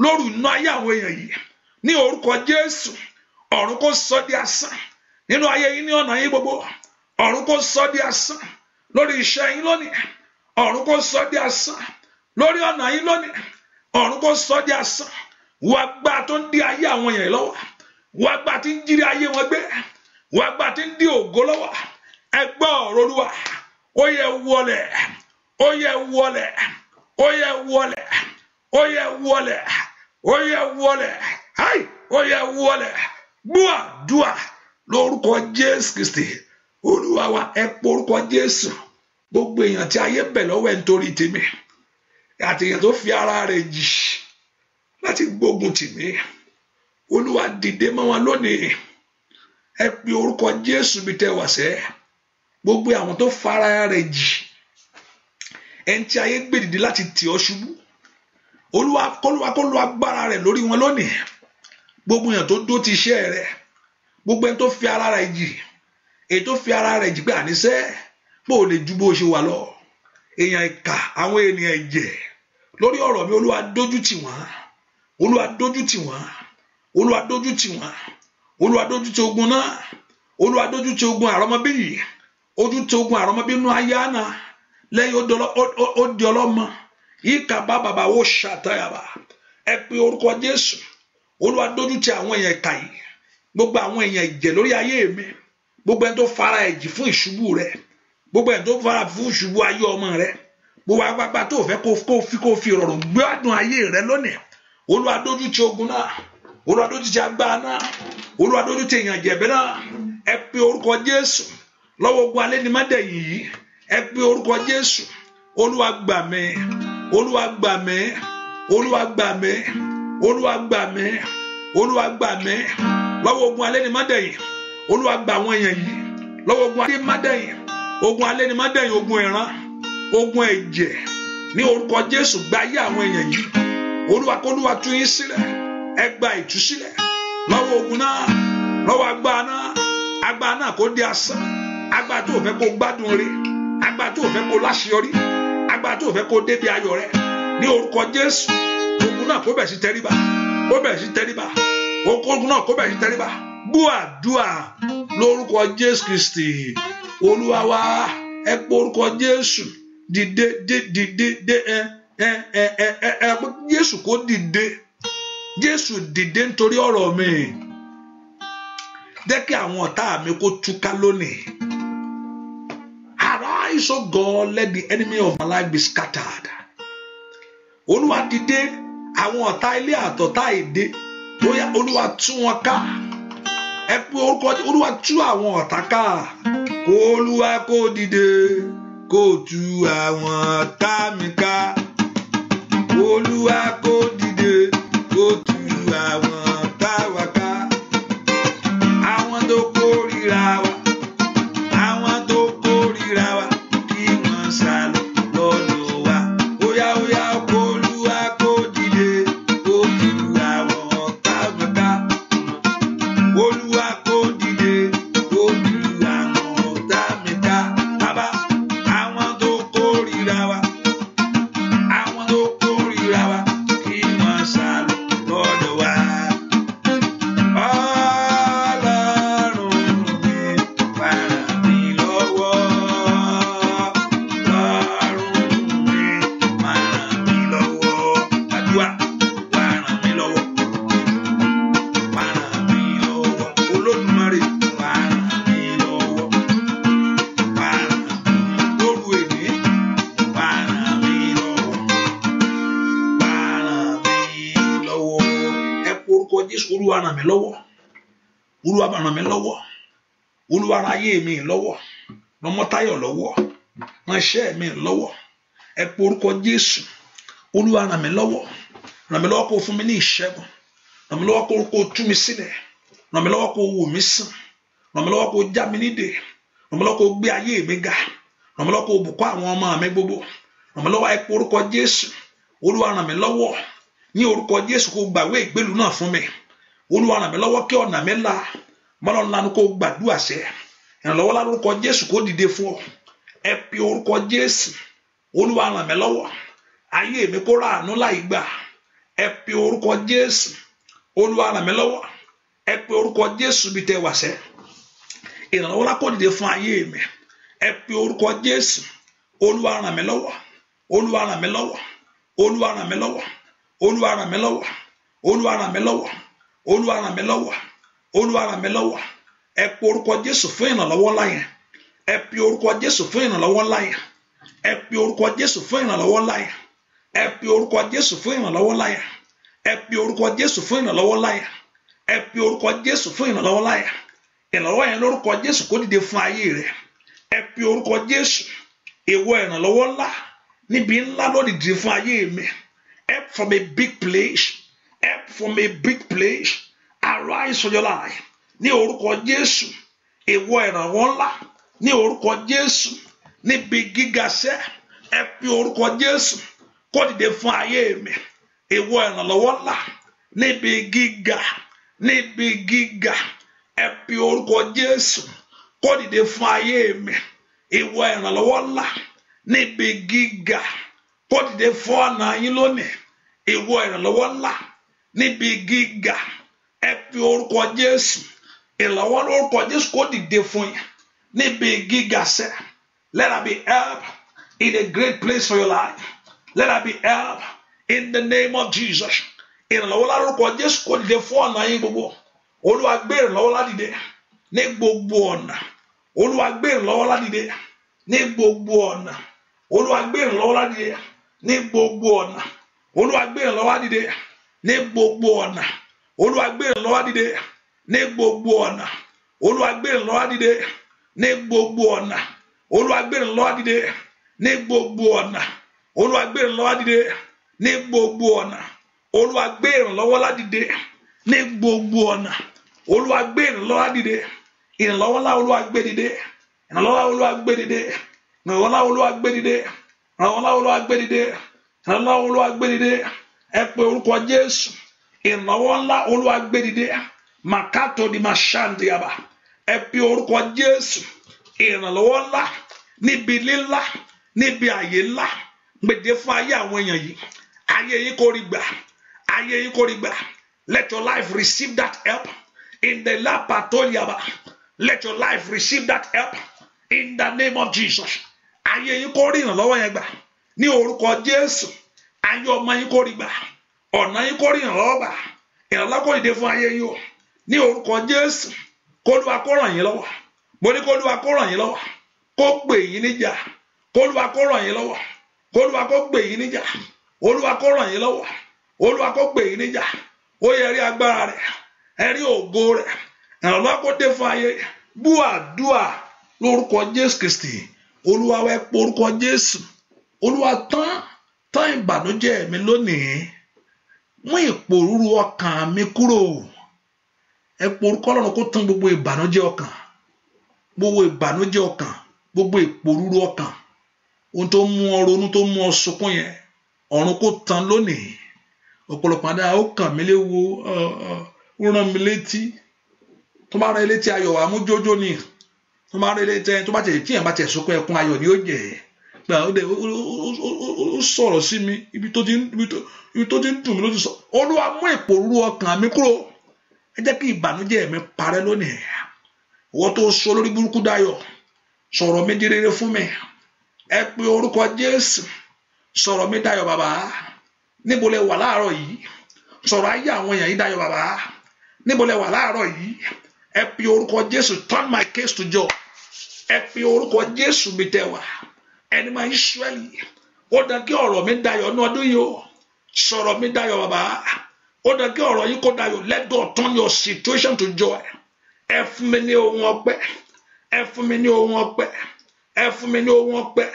lórí iná ayé àwọn èèyàn yìí ní orúkọ Jésù ọ̀run kò sọ di asán nínú ayé yín ní ọ̀nà yín gbogbo ọ̀run kò sọ di asán lórí iṣẹ́ yín lónìí ọ̀run kò sọ di asán lórí ọ̀nà yín lónìí ọ̀run kò sọ di asán wàá gbà tó ń di ayé àwọn èèyàn lọ́wọ́ wàá gbà tí ń jírí ayé wọn gbé wàá gbà tí ń di ògo lọ́wọ́ ẹgbẹ́ ọ̀rọ̀ olúwa ó yẹ wọlé ó yẹ wọlé ó yẹ wọlé ó yẹ wọlé. ó yẹ wọlẹ̀ háì ó yẹ wọlẹ̀ gbúà dùà lórúkọ jésù kristi olúwa wa ẹ e porúkọ jésù gbogbo èèyàn tí ayé bẹ̀ lọ́wọ́ ẹ̀ nítorí tèmi àti èèyàn tó fi ara rẹ̀ jì láti gbógun tèmi olúwa dìde mọ́ wọn lónìí ẹ e pe orúkọ jésù bíi tẹ́ wà sẹ́ gbogbo àwọn tó fara rẹ̀ jì ẹni tí ayé gbèdìdì láti tì ọ́ ṣubú olúwa kọlúwa kó lu agbára rẹ̀ lórí wọn lónìí gbogbo èèyàn tó dó ti iṣẹ́ rẹ̀ gbogbo ẹni tó fi ara rẹ̀ jì èyí tó fi ara rẹ̀ jì pé àníṣe pò lè ju bó ṣe wà lọ èèyàn ìkà àwọn ènìyàn ìjẹ́ lórí ọ̀rọ̀ mi olúwa dójú tì wọ́n olúwa dójú tì wọ́n olúwa dójú tì wọ́n olúwa dójú tì ogun náà olúwa dójú tì ogun àrọmọbí yìí ojú tì ogun àrọmọbí nú ayé àná lẹ́yìn ó di ọlọ́mọ yíkàbá bàbá wo ṣàtàyàbá ẹ pe orúkọ jésù olúwa dójú ti àwọn èèyàn ìkà yìí gbogbo àwọn èèyàn ìjẹ lórí ayé mi gbogbo ẹni tó fara ẹ̀jì fún ìṣubú rẹ gbogbo ẹni tó fara fún ìṣubú ayé ọmọ rẹ gbogbo agbágbá tó fẹ́ kó fi kó fi rọrùn gbádùn ayé rẹ lónìí olúwa dójú ti ogun náà olúwa dójú ti agbára náà olúwa èèyàn jẹ̀bi náà ẹ pe orúkọ jésù lọ́wọ́ ogun alẹ́ ni má dẹ̀yìn yìí ẹ pe orúkọ jésù olúwa gbà mí olúwa gbà mí olúwa gbà mí olúwa gbà mí olúwa gbà mí lọ́wọ́ ogun alẹ́ ni má dẹ̀yìn olúwa gbà àwọn èèyàn yìí lọ́wọ́ ogun alẹ́ ni má dẹ̀yìn ogun alẹ́ ni má dẹ̀yìn ogun ìran ogun ẹ̀jẹ̀ ní orúkọ jésù gbáyé àwọn èèyàn yìí olúwa kólúwa tú yín sílẹ̀ ẹ gba ìtúsílẹ̀ lọ́wọ́ ogun náà lọ́wọ́ agbára náà agbára náà kó di asán agbára tó fẹ́ kó gbádùn rí agbára tó fẹ́ kó láṣeyọrí agbára tí o fẹ́ kó débi ayọ̀ rẹ ní orúkọ Jésù ogun náà kó bẹ̀ sí tẹríba kó bẹ̀ sí tẹríba ogun náà kó bẹ̀ sí tẹríba gbọ́ àdúà lórúkọ Jésù Kristi Olúwa wa ẹ pé orúkọ Jésù dìde dìde dìde ẹ ẹ ẹ ẹ ẹ Jésù kó dìde Jésù dìde nítorí ọ̀rọ̀ mi jẹ́ kí àwọn ọ̀tá mi kó túká lónìí. Arise, O oh God, let the enemy of my life be scattered. Olúwa dìde àwọn ọ̀tá ilé àtọ̀tá èdè bóyá Olúwa tú wọn ká. Ẹ pé orúkọ Olúwa tú àwọn ọ̀tá ká. Kó Olúwa kó dìde kó tú àwọn ọ̀tá mi ká. Olúwa kó dìde kó tú àwọn. ayé mi lọ́wọ́ lọ́mọ́táyọ̀ lọ́wọ́ ránṣẹ́ mi lọ́wọ́ ẹ pe orúkọ Jésù olúwa ràn mí lọ́wọ́ ràn mí lọ́wọ́ kó fún mi ní ìṣẹ́gun ràn mí lọ́wọ́ kó tú mi sílẹ̀ ràn mí lọ́wọ́ kó mí sàn ràn mí lọ́wọ́ kó já mi nídè ràn mí lọ́wọ́ kó ìrànlọ́wọ́ lórúkọ jésù kó dìde fún ọ ẹpì orúkọ jésù olúwa ràn mí lọ́wọ́ ayé mi kó ráàánú láì gbà ẹpì orúkọ jésù olúwa ràn mí orúkọ jésù bí tẹ kó dìde fún ayé mi orúkọ jésù ẹ pe orúkọ Jésù fún ìrànlọ́wọ́ ńlá yẹn ẹ pe orúkọ Jésù fún ìrànlọ́wọ́ ńlá yẹn ẹ pe orúkọ Jésù fún ìrànlọ́wọ́ ńlá yẹn ẹ pe orúkọ Jésù fún ìrànlọ́wọ́ ńlá yẹn ẹ pe orúkọ Jésù fún ìrànlọ́wọ́ ńlá yẹn ẹ pe orúkọ Jésù fún ìrànlọ́wọ́ ńlá yẹn ìrànlọ́wọ́ yẹn lórúkọ Jésù kó dìde fún ayé rẹ ẹ pe orúkọ Jésù ìwọ ìrànlọ́wọ́ ńlá níbi ńlá ló dìde fún ayé mi help from a big place help from a big place arise for your life ní orúkọ Jésù ìwọ ìrànwọ́ ńlá ní orúkọ Jésù níbi gíga sẹ́ ẹ fi orúkọ Jésù kó dìde fún ayé mi ìwọ ìrànlọ́wọ́ ńlá níbi gíga níbi gíga ẹ fi orúkọ Jésù kó dìde fún ayé mi ìwọ ìrànlọ́wọ́ ńlá níbi gíga kó dìde fún ọ̀nà yín lónìí ìwọ ìrànlọ́wọ́ ńlá níbi gíga ẹ fi orúkọ Jésù ìlọ́wọ́ lórúkọ Jésù kó dìde fún yín níbi gíga sẹ́ let there be help in a great place for your life let there be help in the name of Jesus ìrànlọ́wọ́ lórúkọ Jésù kó dìde fún ọ̀nà yín gbogbo Olúwa gbé ìrànlọ́wọ́ ládìde ní gbogbo ọ̀nà Olúwa gbé ìrànlọ́wọ́ ládìde ní gbogbo ọ̀nà Olúwa gbé ìrànlọ́wọ́ ládìde ní gbogbo ọ̀nà Olúwa gbé ìrànlọ́wọ́ ládìde ní gbogbo ọ̀nà Olúwa gbé ìrànlọ́wọ́ ládìde. ní gbogbo ọ̀nà olúwa gbé ìrànlọ́wọ́ dìde ní gbogbo ọ̀nà olúwa gbé ìrànlọ́wọ́ dìde ní gbogbo ọ̀nà olúwa gbé ìrànlọ́wọ́ dìde ní gbogbo ọ̀nà olúwa gbé gbogbo ọ̀nà ìrànlọ́wọ́ lá dìde ìrànlọ́wọ́ lá dìde ìrànlọ́wọ́ lá makato di mashandiaba ẹ pe orúkọ jésù ìrànlọ́wọ́ ńlá níbi ilé ńlá níbi àyè ńlá gbèdé fún ayé àwọn èèyàn yìí ayé yìí kò rí gbà ayé yìí kò rí gbà let your life receive that help in the yaba. let your life receive that help in the name of jesus ayé yìí kò rí ìrànlọ́wọ́ yẹn gbà ní orúkọ jésù ayé ọmọ yìí kò rí gbà ọ̀nà yìí kò rí ìrànlọ́wọ́ gbà ìrànlọ́wọ́ kò dìde fún ayé yìí o ní orúkọ Jésù kólúwa kó ràn yín lọ́wọ́ mo ní kólúwa kó ràn yín lọ́wọ́ kó gbè yín níjà kólúwa kó ràn yín lọ́wọ́ kólúwa kó gbè yín níjà olúwa kó ràn yín lọ́wọ́ olúwa kó gbè yín níjà ó yẹ rí agbára rẹ̀ ẹ rí ògo rẹ̀ ìrànlọ́wọ́ kó dé fún ayé bú lórúkọ Jésù Kristi olúwa wẹ́ porúkọ Jésù olúwa tán tán ìbànújẹ́ mi lónìí mú ìpòrúru ọkàn mi kúrò ẹ pọ orúkọ ọlọ́run kó tán gbogbo ìbànújẹ́ ọkàn gbogbo ìbànújẹ́ ọkàn gbogbo ìpòrúru ọkàn ohun tó mú ọ ronú tó mú ọ sunkún yẹn ọ̀run kó tán lónìí ọ̀pọ̀lọpọ̀ àdá ó kàn mí léwu ó rán mi létí tó bá rán létí ayọ̀ wà mú jójó ni tó bá rán létí ẹni tó bá tẹ̀ tí yẹn bá tẹ̀ sunkún ẹkún ayọ̀ ni ó jẹ̀ gbà ó sọ̀rọ̀ sí mi ibi tó ti ń dùn mí ló ti sọ olúwa mú ìpòrúru ọkàn mi kúrò ẹ jẹ́ kí ìbànújẹ́ mi parẹ́ lónìí ìwọ tó so lórí burúkú dayọ̀ sọ̀rọ̀ mi di rere fún mi ẹ pe orúkọ Jésù sọ̀rọ̀ mi dayọ̀ bàbá níbo lẹ wà láàárọ̀ yìí sọ̀rọ̀ ayé àwọn èèyàn yìí dayọ̀ bàbá níbo lẹ wà láàárọ̀ yìí ẹ pe orúkọ Jésù turn my case to joy ẹ pe orúkọ Jésù mi tẹ wá ẹni máa ń ṣúẹ́lì ó dán kí ọ̀rọ̀ mi dayọ̀ ní ọdún yìí o sọ̀rọ̀ mi dayọ̀ bàbá ó dẹ kí ọ̀rọ̀ yìí kó dayọ̀ let God turn your situation to joy ẹ fún mi ní ohun ọpẹ́ ẹ fún mi ní ohun ọpẹ́ ẹ fún mi ní ohun ọpẹ́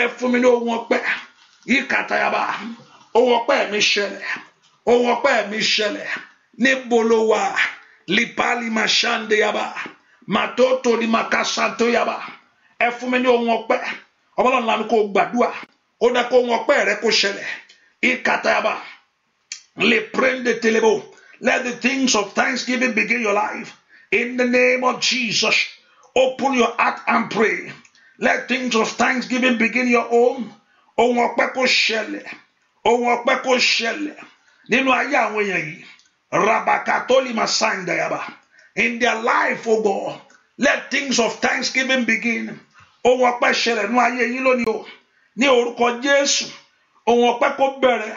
ẹ fún mi ní ohun ọpẹ́ yìí kàtàyàbá ohun ọpẹ́ mi ṣẹlẹ̀ ohun ọpẹ́ mi ṣẹlẹ̀ níbo ló wà lipali mashandeyaba màtótó ni makasantoyaba ẹ fún mi ní ohun ọpẹ́ ọmọlọ́run lanu kò gbàdúrà ó dẹ kó ohun ọpẹ́ rẹ kó ṣẹlẹ̀ yìí kàtàyàbá. Let the things of thanksgiving begin your life. In the name of Jesus, open your heart and pray. Let things of thanksgiving begin your own. Ohun ọpẹ́ kò ṣẹlẹ̀. Ohun ọpẹ́ kò ṣẹlẹ̀. Nínú ayé àwọn èèyàn yìí, Rabakatoli Masandayaba. In their life, oh God, let things of thanksgiving begin. Ohun ọpẹ́ ṣẹlẹ̀ nínú ayé yín lónìí o. Ní orúkọ Jésù, ohun ọpẹ́ kò bẹ̀rẹ̀.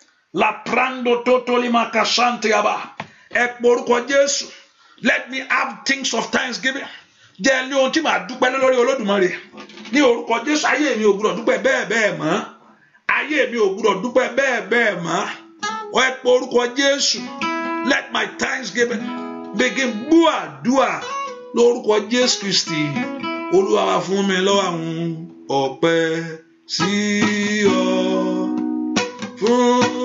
laprando totolima kasantiaba ẹ jésù let me have things of thanksgiving jẹ́ ní ohun tí màá dúpẹ́ lórí olódùmarè ní orúkọ jésù ayé mi ò gbúdọ̀ dúpẹ́ bẹ́ẹ̀ bẹ́ẹ̀ mọ́ ayé mi ò gbúdọ̀ dúpẹ́ bẹ́ẹ̀ bẹ́ẹ̀ mọ́ ẹ porúkọ jésù let my thanksgiving begin gbúàdúà lórúkọ jésù kristi olúwa wa fún mi lọ́wọ́ àwọn ọpẹ́ sí ọ fún.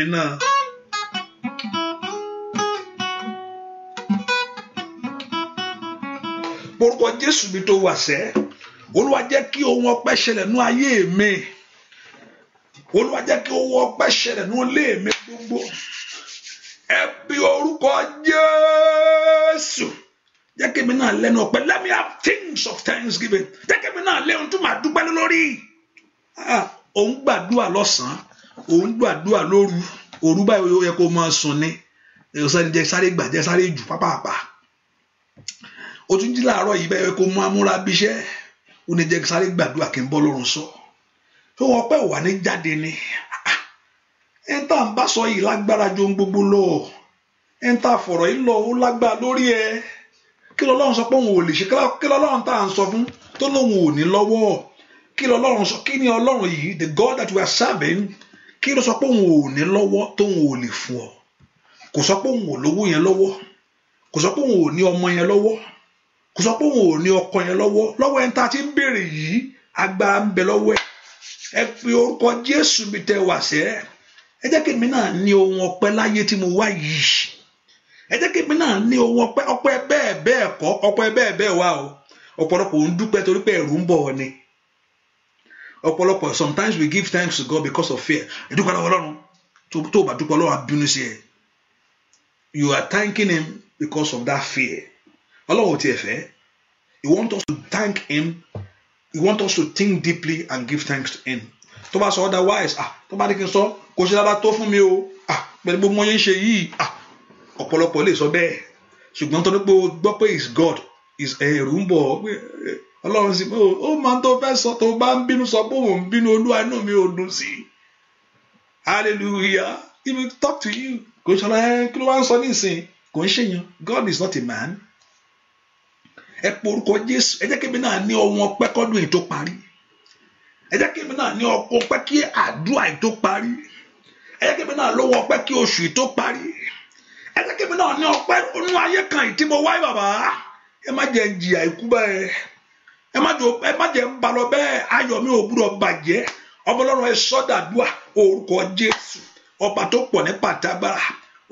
èmi náà. Orúkọ Jésù mi tó wà sẹ́, Olúwa jẹ́ kí ohun ọpẹ́ ṣẹlẹ̀ nú ayé mi. Olúwa jẹ́ kí ohun ọpẹ́ ṣẹlẹ̀ nú ilé mi gbogbo. Ẹ bí orúkọ Jésù jẹ́ mi náà lẹ́nu ọpẹ́ let me have things of thanksgiving jẹ́ mi náà lẹ́nu tó máa dúpẹ́ lórí ah, òun gbàdúrà lọ́sàn-án ò ń gbàdúrà lóru òru báyìí ó yẹ kó máa sùn ni ìrọ̀sán ni jẹ sáré gbà jẹ sáré jù pápápá o tún jí láàárọ̀ yìí báyìí ó yẹ kó máa múra bíṣẹ́ ó ní jẹ sáré gbàdúrà kí n bọ́ lọ́rùn sọ tó wọ́n pẹ́ wà ní jáde ni ah, ah. ẹ tá à ń bá sọ yìí lágbára ju ohun gbogbo lọ ẹ ń tá fọ̀rọ̀ yìí lọ ó lágbára lórí ẹ kí lọ́lọ́run sọ pé òun ò lè ṣe kí lọ́lọ́run tá à ń sọ fún tó lóun ò ní lọ́wọ́ kí lọ́lọ́run sọ kí ni ọlọ́run yìí the God that we are serving kí ló sọ pé òun ò ní lọ́wọ́ tóun ò lè fún ọ kò sọ pé òun ò lówó yẹn lọ́wọ́ kò sọ pé ní ọmọ yẹn lọ́wọ́ kò sọ pé òun ní ọkọ yẹn lọ́wọ́ lọ́wọ́ ẹni tá a ti ń béèrè yìí agbára ń bẹ lọ́wọ́ ẹ ẹ pe orúkọ Jésù ohun láyé tí mo wá yìí ẹ jẹ́ ohun bẹ́ẹ̀ bẹ́ẹ̀ kọ́ bẹ́ẹ̀ bẹ́ẹ̀ o ọ̀pọ̀lọpọ̀ ń dúpẹ́ torí pé ni ọ̀pọ̀lọpọ̀ sometimes we give thanks to God because of fear ìdúpẹ́ lọ́wọ́ ọlọ́run tó bá dúpẹ́ ọlọ́run abínú sí ẹ you are thanking him because of that fear ọlọ́run ò tiẹ̀ fẹ́ he want us to thank him he want us to think deeply and give thanks to him tó bá sọ otherwise ah tó bá ní sọ kò ṣe dáadáa tó fún mi o ah pẹ̀lú gbogbo yẹn ṣe yìí ah ọ̀pọ̀lọpọ̀ lè sọ bẹ́ẹ̀ ṣùgbọ́n tó ní pé o gbọ́ pé is God is ẹ̀rù ń bọ̀ ọlọ́run sì pé ó máa tó fẹ́ sọ tó bá ń bínú sọ pé òun bínú mi ò dùn sí hallelujah he talk to you kò sọ ẹ kí ló wá ń sọ nísìn God is not a man ẹ porúkọ Jésù ẹ jẹ́ kí èmi náà ní ohun ọpẹ́ kọ́dún èyí tó parí ẹ jẹ́ kí èmi náà ní ọpẹ́ kí àdúrà tó parí ẹ jẹ́ kí èmi náà lówó ayé kan tí mo wáyé bàbá ẹ má jẹ́ ẹ má jẹ́ ń ba lọ bẹ́ẹ̀ ayọ̀ mi ò gbúdọ̀ bàjẹ́ ọmọlọ́run ẹ sọ́dàdúà orúkọ Jésù ọba tó pọ̀ ní pàtàgbára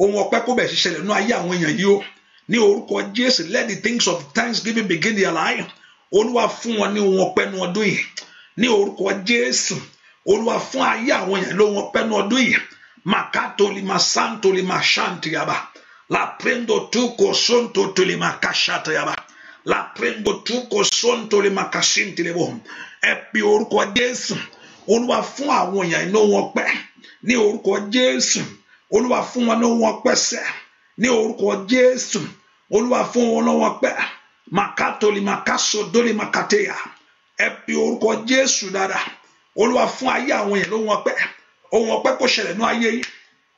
ohun ọpẹ́ kó bẹ̀ẹ̀ ṣiṣẹ́ lẹ́nu ayé àwọn èèyàn yìí o ní orúkọ Jésù let the things of thanksgiving begin their life olúwa fún wọn ní ohun ọpẹ́ nu ọdún yìí ní orúkọ Jésù olúwa fún ayé àwọn èèyàn lóhun ọpẹ́ nu ọdún yìí makatoli masantoli mashanti yaba laprendo tuko sonto toli makashata yaba la prendo tuko sonto lè máa kàṣí tìlẹ̀ bọ̀ ẹ pe orúkọ Jésù olúwa fún àwọn èèyàn inú wọn pẹ́ ní orúkọ Jésù olúwa fún wọn inú wọn pẹ́ sẹ́ ní orúkọ Jésù olúwa fún wọn inú wọn pẹ́ makato li makaso kásò dólè máa kàtẹ́yà ẹ pe orúkọ Jésù dáadáa olúwa fún ayé àwọn èèyàn ló wọn pẹ́ ohun ọpẹ́ kò ṣẹlẹ̀ ní ayé yìí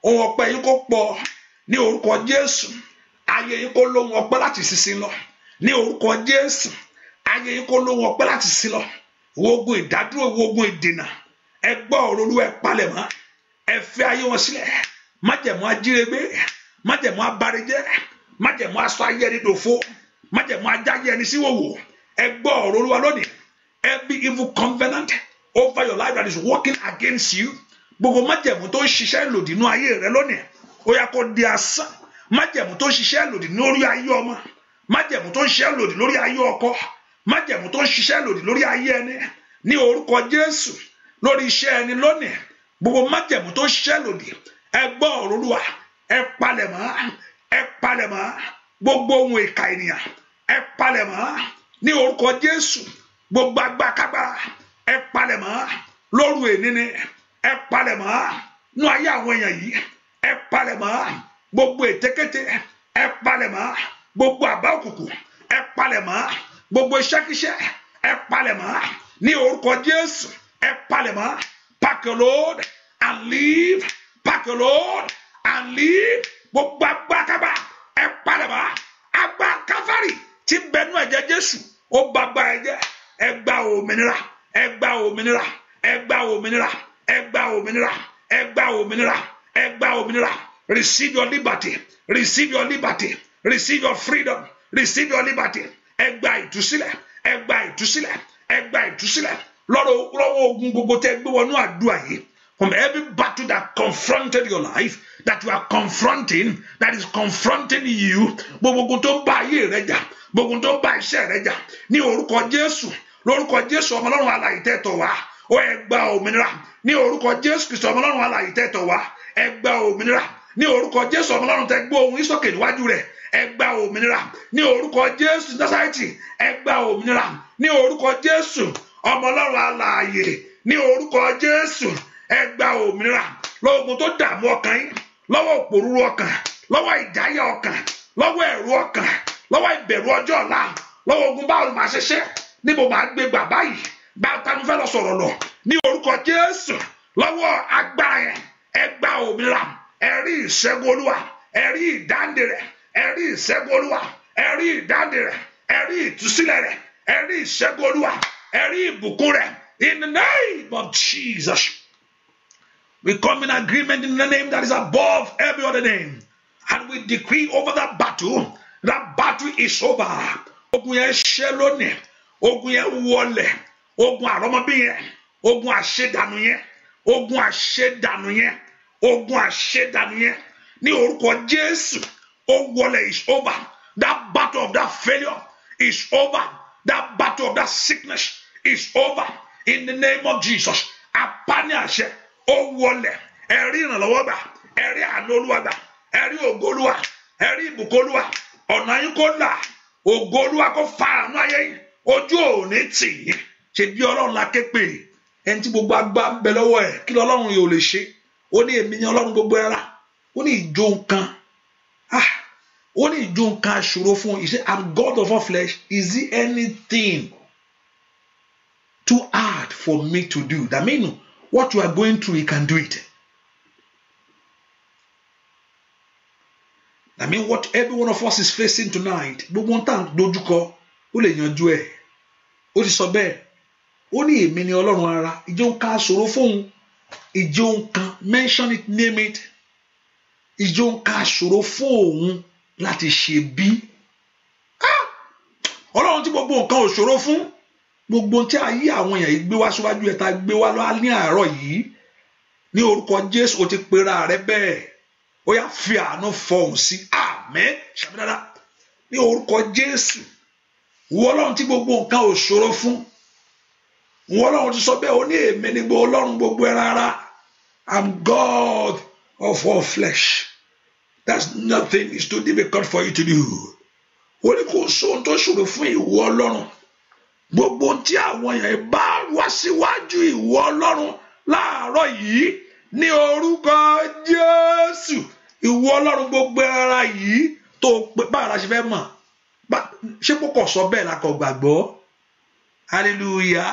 ohun ọpẹ́ yìí kò pọ̀ ní orúkọ Jésù ayé yìí kò lóhun ọpẹ́ láti sísìn lọ ní orúkọ Jésù ayé yìí kó lówó ọpẹ́ láti sí lọ wogun ìdádúró wogun ìdènà ẹ gbọ́ ọ̀rọ̀ olúwa ẹ palẹ̀ mọ́ ẹ fẹ́ ayé wọn sílẹ̀ májẹ̀mú ajírégbé májẹ̀mú abárijẹ́ májẹ̀mú aṣọ ayé ẹni dòfo májẹ̀mú ajáyé ẹni síwòwò ẹ gbọ́ ọ̀rọ̀ lónìí every evil covenant over your life that is working against you gbogbo májẹ̀mú tó ń ṣiṣẹ́ lòdì nínú ayé rẹ lónìí ó yá kó di asán májẹ̀mú tó ń ṣiṣẹ́ lòdì nínú orí ayé ọmọ májẹ̀mú tó ń ṣiṣẹ́ lòdì lórí ayé ọkọ májẹ̀mú tó ń ṣiṣẹ́ lòdì lórí ayé ẹni ní orúkọ Jésù lórí iṣẹ́ ẹni lónìí gbogbo májẹ̀mú tó ń ṣiṣẹ́ lòdì ẹ gbọ́ ọ̀rọ̀ Olúwa ẹ palẹ̀mọ́ ẹ palẹ̀mọ́ gbogbo ohun ìka ènìyàn ẹ palẹ̀mọ́ ní orúkọ Jésù gbogbo agbákágbá ẹ palẹ̀mọ́ lóru ènìní ẹ palẹ̀mọ́ nú ayé àwọn èèyàn yìí ẹ palẹ̀mọ́ gbogbo ètekéte ẹ palẹ̀mọ́ gbogbo àbá òkùnkùn ẹ palẹ̀ mọ́ gbogbo iṣẹ́kíṣẹ́ ẹ palẹ̀ mọ́ ní orúkọ Jésù ẹ palẹ̀ mọ́ pack and leave pack your and leave gbogbo agbákágbá ẹ palẹ̀ mọ́ agbá káfárì tí bẹnu ẹ̀jẹ̀ Jésù ó bá gba ẹ̀jẹ̀ ẹ gba òmìnira ẹ gba òmìnira ẹ gba òmìnira ẹ gba òmìnira ẹ gba òmìnira ẹ gba òmìnira receive your liberty receive your liberty receive your freedom receive your liberty ẹ gba ìtúsílẹ̀ ẹ gba ìtúsílẹ̀ ẹ gba ìtúsílẹ̀ lọ́wọ́ ogun gbogbo tẹ́ gbé wọnú àdúrà yìí from every battle that confronted your life that you are confronting that is confronting you gbogbo ogun tó ń bá ayé rẹ jà gbogbo ogun tó ń bá iṣẹ́ rẹ jà ní orúkọ Jésù lórúkọ Jésù ọmọ Ọlọ́run alààyè tẹ̀tọ̀ wá ó ẹ gba òmìnira ní orúkọ Jésù Kristi ọmọ Ọlọ́run alààyè wá ẹ òmìnira ní orúkọ Jésù ọmọ tẹ gbọ́ ohùn ìsókè níwájú rẹ̀ ẹ gba òmìnira ní orúkọ jésù násàrẹ́tì ẹ gba òmìnira ní orúkọ jésù ọmọ ọlọ́run alààyè ní orúkọ jésù ẹ gba òmìnira lọ́wọ́ tó dààmú ọkàn yín lọ́wọ́ òpòrúurú ọkàn lọ́wọ́ ìdáyà ọkàn lọ́wọ́ ẹ̀rù ọkàn lọ́wọ́ ìbẹ̀rù ọjọ́ ọ̀la lọ́wọ́ ogun báwo ló máa ṣiṣẹ́ níbo máa gbé bàbá yìí bá tanu fẹ́ lọ sọ̀rọ̀ lọ ní orúkọ jésù lọ́wọ́ agbára yẹn ẹ òmìnira ẹ rí olúwa ẹ ìdáǹdè rẹ̀ ẹ rí ìṣẹ́gun olúwa ẹ rí ìdáǹdè rẹ̀ ẹ rí ìtúsílẹ̀ rẹ̀ ẹ rí ìṣẹ́gun ìbùkún rẹ̀ in the name of Jesus we come in agreement in the name that is above every other name and we decree over that battle that battle is over ogun yẹn ṣẹ́ lónìí ogun yẹn wọlẹ̀ ogun àrọ́mọbí yẹn ogun àṣedànù yẹn ogun àṣedànù yẹn ogun àṣedànù yẹn ní orúkọ Jésù. oh wallet is over. That battle of that failure is over. That battle of that sickness is over. In the name of Jesus. Apani àṣẹ, wallet, ẹ̀rí ìrànlọ́wọ́ gbà, ẹ̀rí àánú Olúwa gbà, ẹ̀rí ògo Olúwa, ẹ̀rí ìbùkún Olúwa, ọ̀nà yín kó là, ògo Olúwa kó fa la ké pè é? gbogbo agbá ń bẹ lọ́wọ́ ẹ̀ kí lọ́lọ́run yóò lè ṣe? Ó ni Ọlọ́run gbogbo ẹ̀rá, ó ní ìjó Ah! ó ní ìjó nǹkan ṣòro fún he say i'm god of all flesh is it anything too hard for me to do that mean what you are going through he can do it that mean what every one of us is facing tonight gbogbo ń tàn dojúkọ ó lè yanjú ẹ ó ti sọ bẹ́ẹ̀ ó ní èmi ni ọlọ́run ara ìjó ṣòro fóun ìjó mention it name it ìjó nǹkan ṣòro fún òun láti ṣe bí ọlọ́run tí gbogbo nǹkan ò ṣòro fún gbogbo tí ayé àwọn èèyàn yìí gbé wá síwájú ẹ̀ta gbé wá lọ́wọ́ ní àárọ̀ yìí ní orúkọ jésù o ti pera rẹ bẹ́ẹ̀ ó yá fi àánú fọhùn sí àmín ṣàmì ní orúkọ jésù wọ tí gbogbo nǹkan ò ṣòro fún wọ ti sọ bẹ́ẹ̀ ó ní èmi ní gbogbo ọlọ́run gbogbo ẹran ara I'm God of all flesh that's nothing is too difficult for you to do ó ní kò sóhun tó ṣòro fún ìwọ ọlọ́run gbogbo tí àwọn èèyàn bá wá síwájú ìwọ ọlọ́run láàárọ̀ yìí ní orúkọ jésù ìwọ ọlọ́run gbogbo ara yìí tó pé báwo la ṣe fẹ́ mọ̀ ṣé púpọ̀ sọ bẹ́ẹ̀ la gbàgbọ́ hallelujah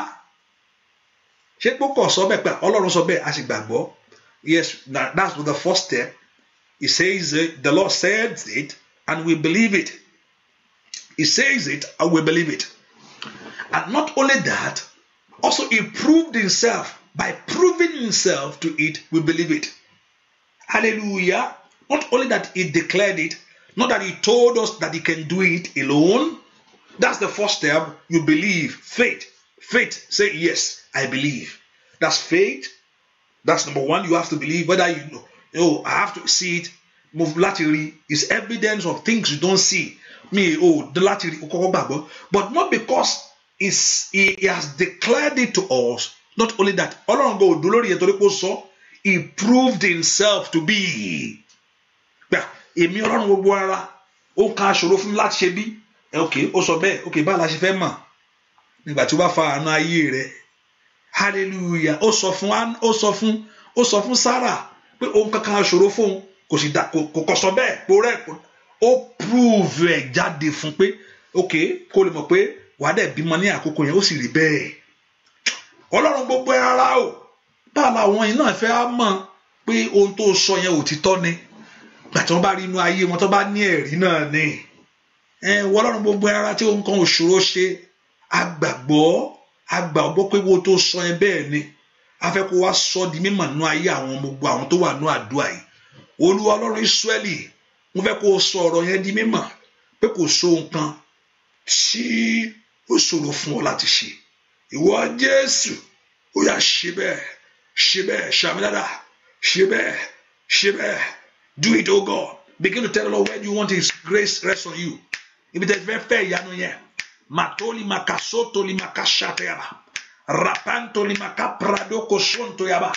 ṣé púpọ̀ sọ bẹ́ẹ̀ pé ọlọ́run sọ bẹ́ẹ̀ a sì gbàgbọ́ yes that's the first step He says, The Lord says it, and we believe it. He says it, and we believe it. And not only that, also He proved Himself by proving Himself to it, we believe it. Hallelujah. Not only that He declared it, not that He told us that He can do it alone. That's the first step. You believe. Faith. Faith. Say, Yes, I believe. That's faith. That's number one. You have to believe whether you know oh i have to see it mo láti is evidence of things you don't see Me, oh, the rí but not because is he, he has declared it to us not only that ọlọ́run gbọ́ òdo lórí yẹn torí pé ó he proved himself to be gbà èmi ọlọ́run gbogbo ara ó ka aṣòro fún láti ṣe bí eh, ok ó sọ bẹ́ẹ̀ ok báyìí la ṣe fẹ́ mọ̀ nígbà tí ó bá fa àánú ayé rẹ hallelujah ó sọ fún ó sọ fún ó sọ fún Sarah pé ohun kankan ṣòro fún un kò sì dá kò kọ sọ bẹ́ẹ̀ kó rẹ̀ ó prove ẹ̀ jáde fún pé ok kó lè mọ̀ pé wàá dẹ̀ bímọ ní àkókò yẹn ó sì rí bẹ́ẹ̀ ọlọ́run gbogbo ẹ rárá o báà làwọn yìí náà fẹ́ á mọ̀ pé ohun tó sọ yẹn òtítọ́ ni gbà tí wọ́n bá rí inú ayé wọn tó bá ní ẹ̀rí náà ni ẹ wọ́n gbogbo ẹ rárá tí ohun kan òṣòro ṣe agbàgbọ́ agbàgbọ́ pé wo tó sọ yẹn bẹ́ẹ̀ ni afẹ́ kó wá sọ di mímọ̀ nú ayé àwọn gbogbo àwọn tó wà nú àdúrà yìí olúwa ọlọ́run ìsírẹ́lì mo fẹ́ kó sọ ọ̀rọ̀ yẹn di mímọ̀ pé kò so nǹkan tí ó ṣòro fún ọ láti ṣe ìwọ jésù ó yá ṣe bẹ́ẹ̀ ṣe bẹ́ẹ̀ ṣàmì dáadáa ṣe bẹ́ẹ̀ ṣe bẹ́ẹ̀ do it o oh god begin to tell the lord where you want his grace rest on you ibi tẹ̀ fẹ́ fẹ́ ìyanu yẹn màtólì màkàsótólì màkàṣàtẹ̀yàmà. Rapanto limaka yaba.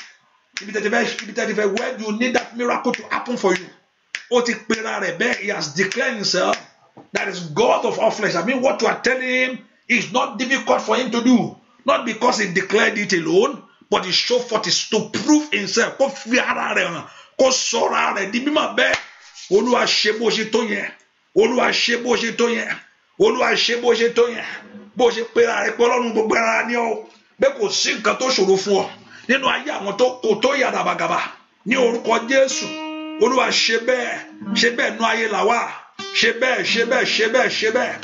Ibi where do you need that miracle to happen for you? Ó ti pera rẹ̀ bẹ́ẹ̀ he has declared himself that is God of all flesh. I mean what you are telling him is not difficult for him to do. Not because he declared it alone but he show forth is to prove himself. Kó fi ara rẹ̀ hàn kó sọ̀rọ̀ rẹ̀ di mímọ̀ bẹ́ẹ̀. Olúwa ṣe bó ṣe tó yẹn. Olúwa ṣe bó ṣe tó yẹn. Olúwa ṣe bó ṣe tó yẹn. Bó ṣe pera rẹ̀ pé gbogbo ara ni ọ́ pé kò sí nǹkan tó ṣòro fún ọ nínú ayé àwọn tó kò tó yàdàbàgàbà ní orúkọ Jésù Olúwa ṣe bẹ́ẹ̀ ṣe bẹ́ẹ̀ nú ayé làwà ṣe bẹ́ẹ̀ ṣe bẹ́ẹ̀ ṣe bẹ́ẹ̀ ṣe bẹ́ẹ̀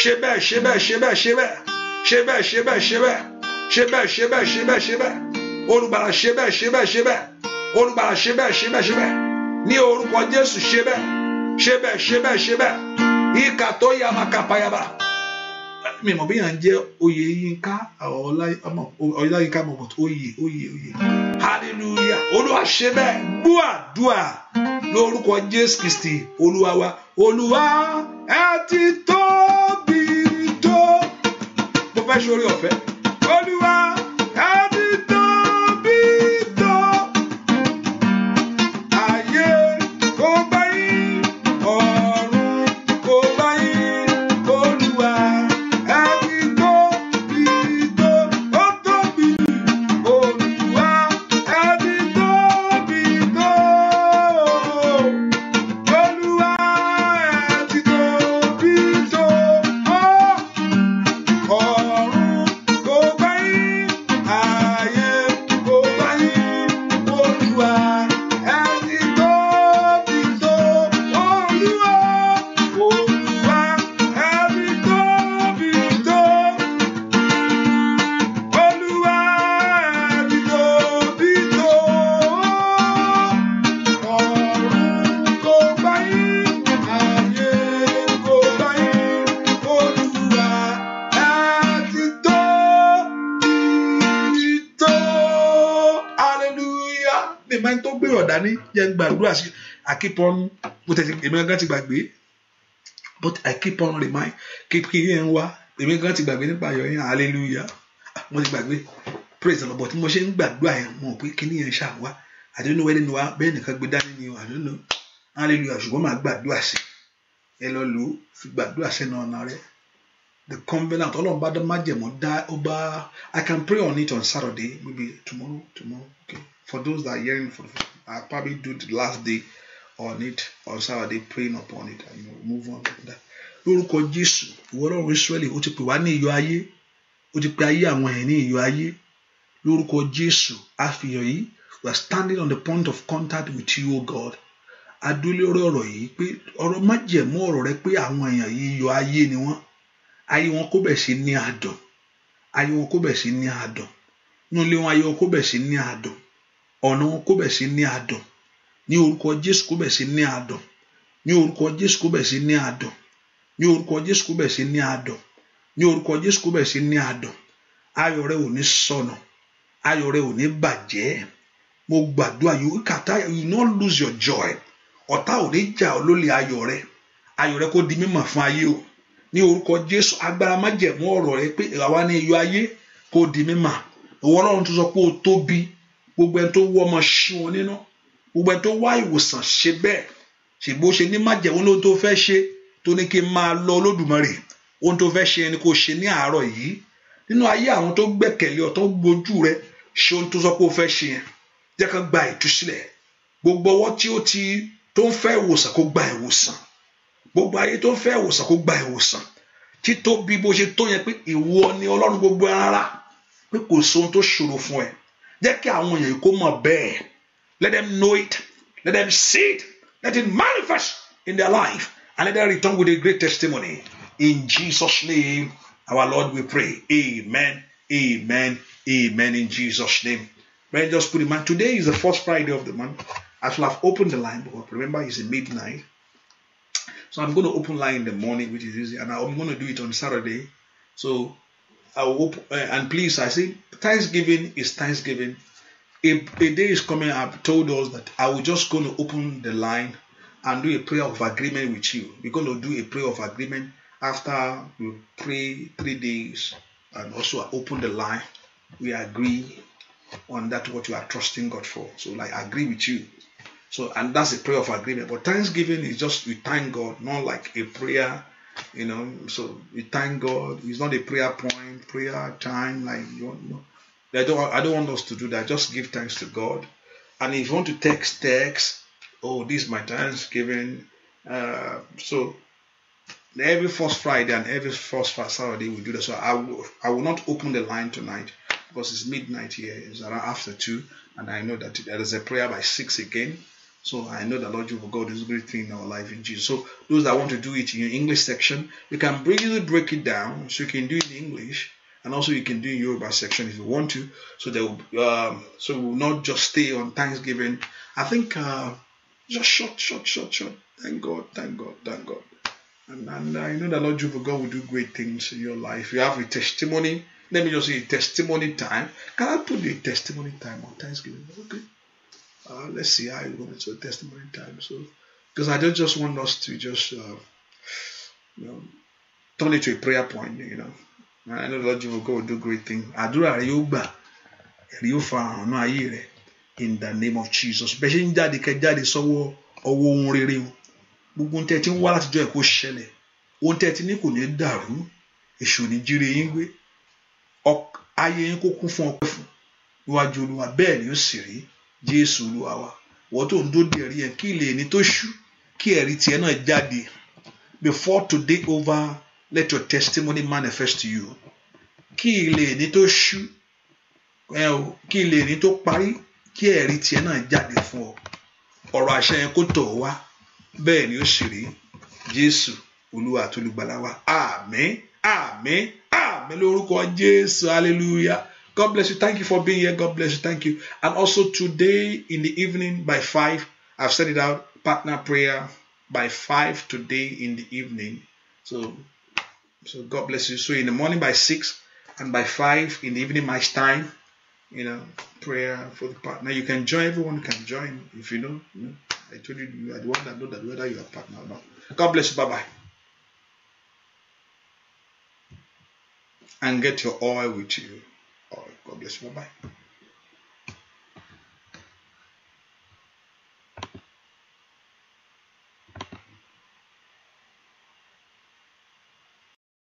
ṣe bẹ́ẹ̀ ṣe bẹ́ẹ̀ ṣe bẹ́ẹ̀ ṣe bẹ́ẹ̀ ṣe bẹ́ẹ̀ ṣe bẹ́ẹ̀ ṣe bẹ́ẹ̀ ṣe bẹ́ẹ̀ ṣe bẹ́ẹ̀ ṣe bẹ́ẹ̀ ṣe bẹ́ẹ̀ olùgbàlà ṣe bẹ́ẹ̀ ṣe bẹ́ẹ̀ ṣe bẹ́ẹ̀ olùgbàlà ṣe bẹ́ẹ̀ ṣe bẹ́ẹ̀ ṣe bẹ́ẹ̀ ní orúkọ Jésù ṣe bẹ́ẹ̀ ṣe bẹ́ẹ̀ ṣe bẹ́ẹ̀ ṣe bẹ́ẹ̀ ìkà tó yàmà kàpáyàbà mi bí yàn ń oyè yínká ọláyínká mọ̀ oyè oyè oyè hallelujah olúwa ṣe bẹ́ẹ̀ gbúà dùà lórúkọ jésù kristi olúwa wa olúwa ẹ ti tóbi tó mo fẹ́ ṣorí keep on mo tẹ̀sí èmi gangan ti gbàgbé but I keep on remind keep kí yẹn wá èmi gangan ti gbàgbé nípa ayọ̀ yẹn hallelujah ah, mo ti gbàgbé praise the Lord but mo ṣe ń gbàdúrà yẹn mo pé kí ni yẹn ṣáà wá I don't know wẹ́ni wa bẹ́ẹ̀ nìkan gbé dání ni o I don't know hallelujah ṣùgbọ́n màá gbàdúrà sí ẹ lọ lò ó fi gbàdúrà sẹ́nu ọ̀nà rẹ̀ the covenant ọlọ́run bá dán májẹ̀mọ́ dá ó bá I can pray on it on Saturday maybe tomorrow tomorrow okay for those that are hearing for the I'll probably do the last day on it on Saturday praying upon it and you move on from that. lórúkọ Jésù ìwọ Ọlọ́run Ísírẹ́lì ó ti pè wá ní iyọ̀ ayé ó ti pè ayé àwọn ẹ̀ ní iyọ̀ ayé lórúkọ Jésù àfihàn yìí we are standing on the point of contact with you o God adúlérò ọ̀rọ̀ yìí pé ọ̀rọ̀ májẹ̀mú ọ̀rọ̀ rẹ pé àwọn èèyàn yìí iyọ̀ ayé ni wọ́n ayé wọn kó bẹ̀ sí ní àdùn ayé wọn kó bẹ̀ sí ní àdùn nínú ilé wọn ayé wọn kó bẹ̀ sí ní àdùn ọ̀nà wọn kó bẹ̀ sí ní àdùn ní orúkọ jésù kó bẹ̀rẹ̀ sí ní àdọ̀ ní orúkọ jésù kó bẹ̀rẹ̀ sí ní àdọ̀ ní orúkọ jésù kó bẹ̀rẹ̀ ní àdọ̀ ní orúkọ jésù kó bẹ̀rẹ̀ ní àdọ̀ ayọ̀ rẹ ò ní sọnù ayọ̀ rẹ ò ní bàjẹ́ mo gbàdúrà yìí kàtá you no lose your joy ọ̀tá ò ní jà ọ́ lólè ayọ̀ rẹ ayọ̀ rẹ kó di mímọ̀ fún ayé o ní orúkọ jésù agbára májẹ̀mú ọ̀rọ̀ rẹ pé àwa ní iyọ̀ ayé kó di mímọ̀ ìwọ ọlọ́run tó sọ pé o tóbi gbogbo ẹni tó wọ́ ọmọ sí wọn nínú gbogbo ẹni tó wá ìwòsàn ṣe bẹ́ẹ̀ ṣègbó ṣe ní má jẹun lóhun tó fẹ́ ṣe tó ní kí n máa lọ Olódùmarè ohun tó fẹ́ ṣe ni kò ṣe ní àárọ̀ yìí nínú ayé àwọn tó gbẹ̀kẹ̀lé ọ tó gbójú rẹ ṣe ohun tó sọ pé ó fẹ́ ṣe yẹn jẹ́ ká gba ìtúsílẹ̀ gbogbo ọwọ́ tí ó ti tó ń fẹ́ ìwòsàn kó gba ìwòsàn gbogbo ayé tó ń fẹ́ ìwòsàn kó gba ìwòsàn títóbi bó ṣe tó yẹn pé ìwọ ni Ọlọ́run gbogbo rárá pé kò sóhun tó ṣòro fún ẹ jẹ́ kí àwọn èèyàn kó mọ̀ bẹ́ẹ̀ Let them know it. Let them see it. Let it manifest in their life. And let them return with a great testimony. In Jesus' name, our Lord, we pray. Amen. Amen. Amen. In Jesus' name. Let just put in mind today is the first Friday of the month. I shall have opened the line, but remember it's midnight. So I'm going to open line in the morning, which is easy, and I'm going to do it on Saturday. So I will uh, and please, I say Thanksgiving is Thanksgiving a, a day is coming up told us that I was just going to open the line and do a prayer of agreement with you. We're going to do a prayer of agreement after we pray three days and also open the line. We agree on that what you are trusting God for. So like I agree with you. So and that's a prayer of agreement. But thanksgiving is just we thank God, not like a prayer, you know. So we thank God. It's not a prayer point, prayer time like you know. I don't, I don't want us to do that. Just give thanks to God. And if you want to text, text, oh, this is my Thanksgiving. Uh, so every first Friday and every first Saturday we do that. So I will, I will not open the line tonight because it's midnight here. It's around after two, and I know that there is a prayer by six again. So I know that Lord Jehovah God is a great thing in our life in Jesus. So those that want to do it in your English section, you can really break it down so you can do it in English and also you can do Yoruba section if you want to. So they will, um, so will not just stay on Thanksgiving. I think uh, just short, short, short, short. Thank God, thank God, thank God. And, and I know that Lord Jehovah God will do great things in your life. You have a testimony. Let me just say testimony time. Can I put the testimony time on Thanksgiving? Okay. Uh, let's see how you want to a testimony time. So, because I don't just want us to just, uh, you know, turn it to a prayer point. You know. I know Lord Jehovah God will do great things. Àdúrà rẹ yóò gbà, ẹ̀rí yóò fa àánú ayé rẹ in the name of Jesus. Bẹ́ẹ̀ ṣe ń jáde kẹ́ jáde sọ́wọ́ ọwọ́ ohun rere o. Gbogbo ohun tẹ́ ti ń wá látijọ́ ẹ̀ kó ṣẹlẹ̀. Ohun tẹ́ ti ní kò ní dàrú. Èṣù ò ní jíire yín gbé. Ayé yín kó kún fún ọpẹ́ fún. Níwájú Olúwa bẹ́ẹ̀ ni ó sì rí Jésù Olúwa wa. Wọ́n tó ń dóde ẹ̀rí ẹ̀ kí ilé ẹni tó ṣú kí ẹ̀rí tiẹ̀ náà jáde. Before today over. Let your testimony manifest to you. Kí ilé ìní tó ṣú, kí ilé ìní tó parí, kí ẹ̀rí tiẹ̀ náà jáde fún ọ. Ọ̀rọ̀ àṣẹ yẹn kó tọ̀ wá. Bẹ́ẹ̀ ni ó sì rí. Jésù Olúwa àti Olùgbàlà wa. Àmín, àmín, àmín lórúkọ Jésù. Hallelujah. God bless you. Thank you for being here. God bless you. Thank you. And also today in the evening by 5, I've set it out, partner prayer by five today in the evening. So So God bless you. So in the morning by six and by five in the evening my time, you know, prayer for the partner. You can join. Everyone can join if you know. You know I told you you are the one that know that whether you are partner or not. God bless you. Bye bye. And get your oil with you. Oil. God bless you. Bye bye.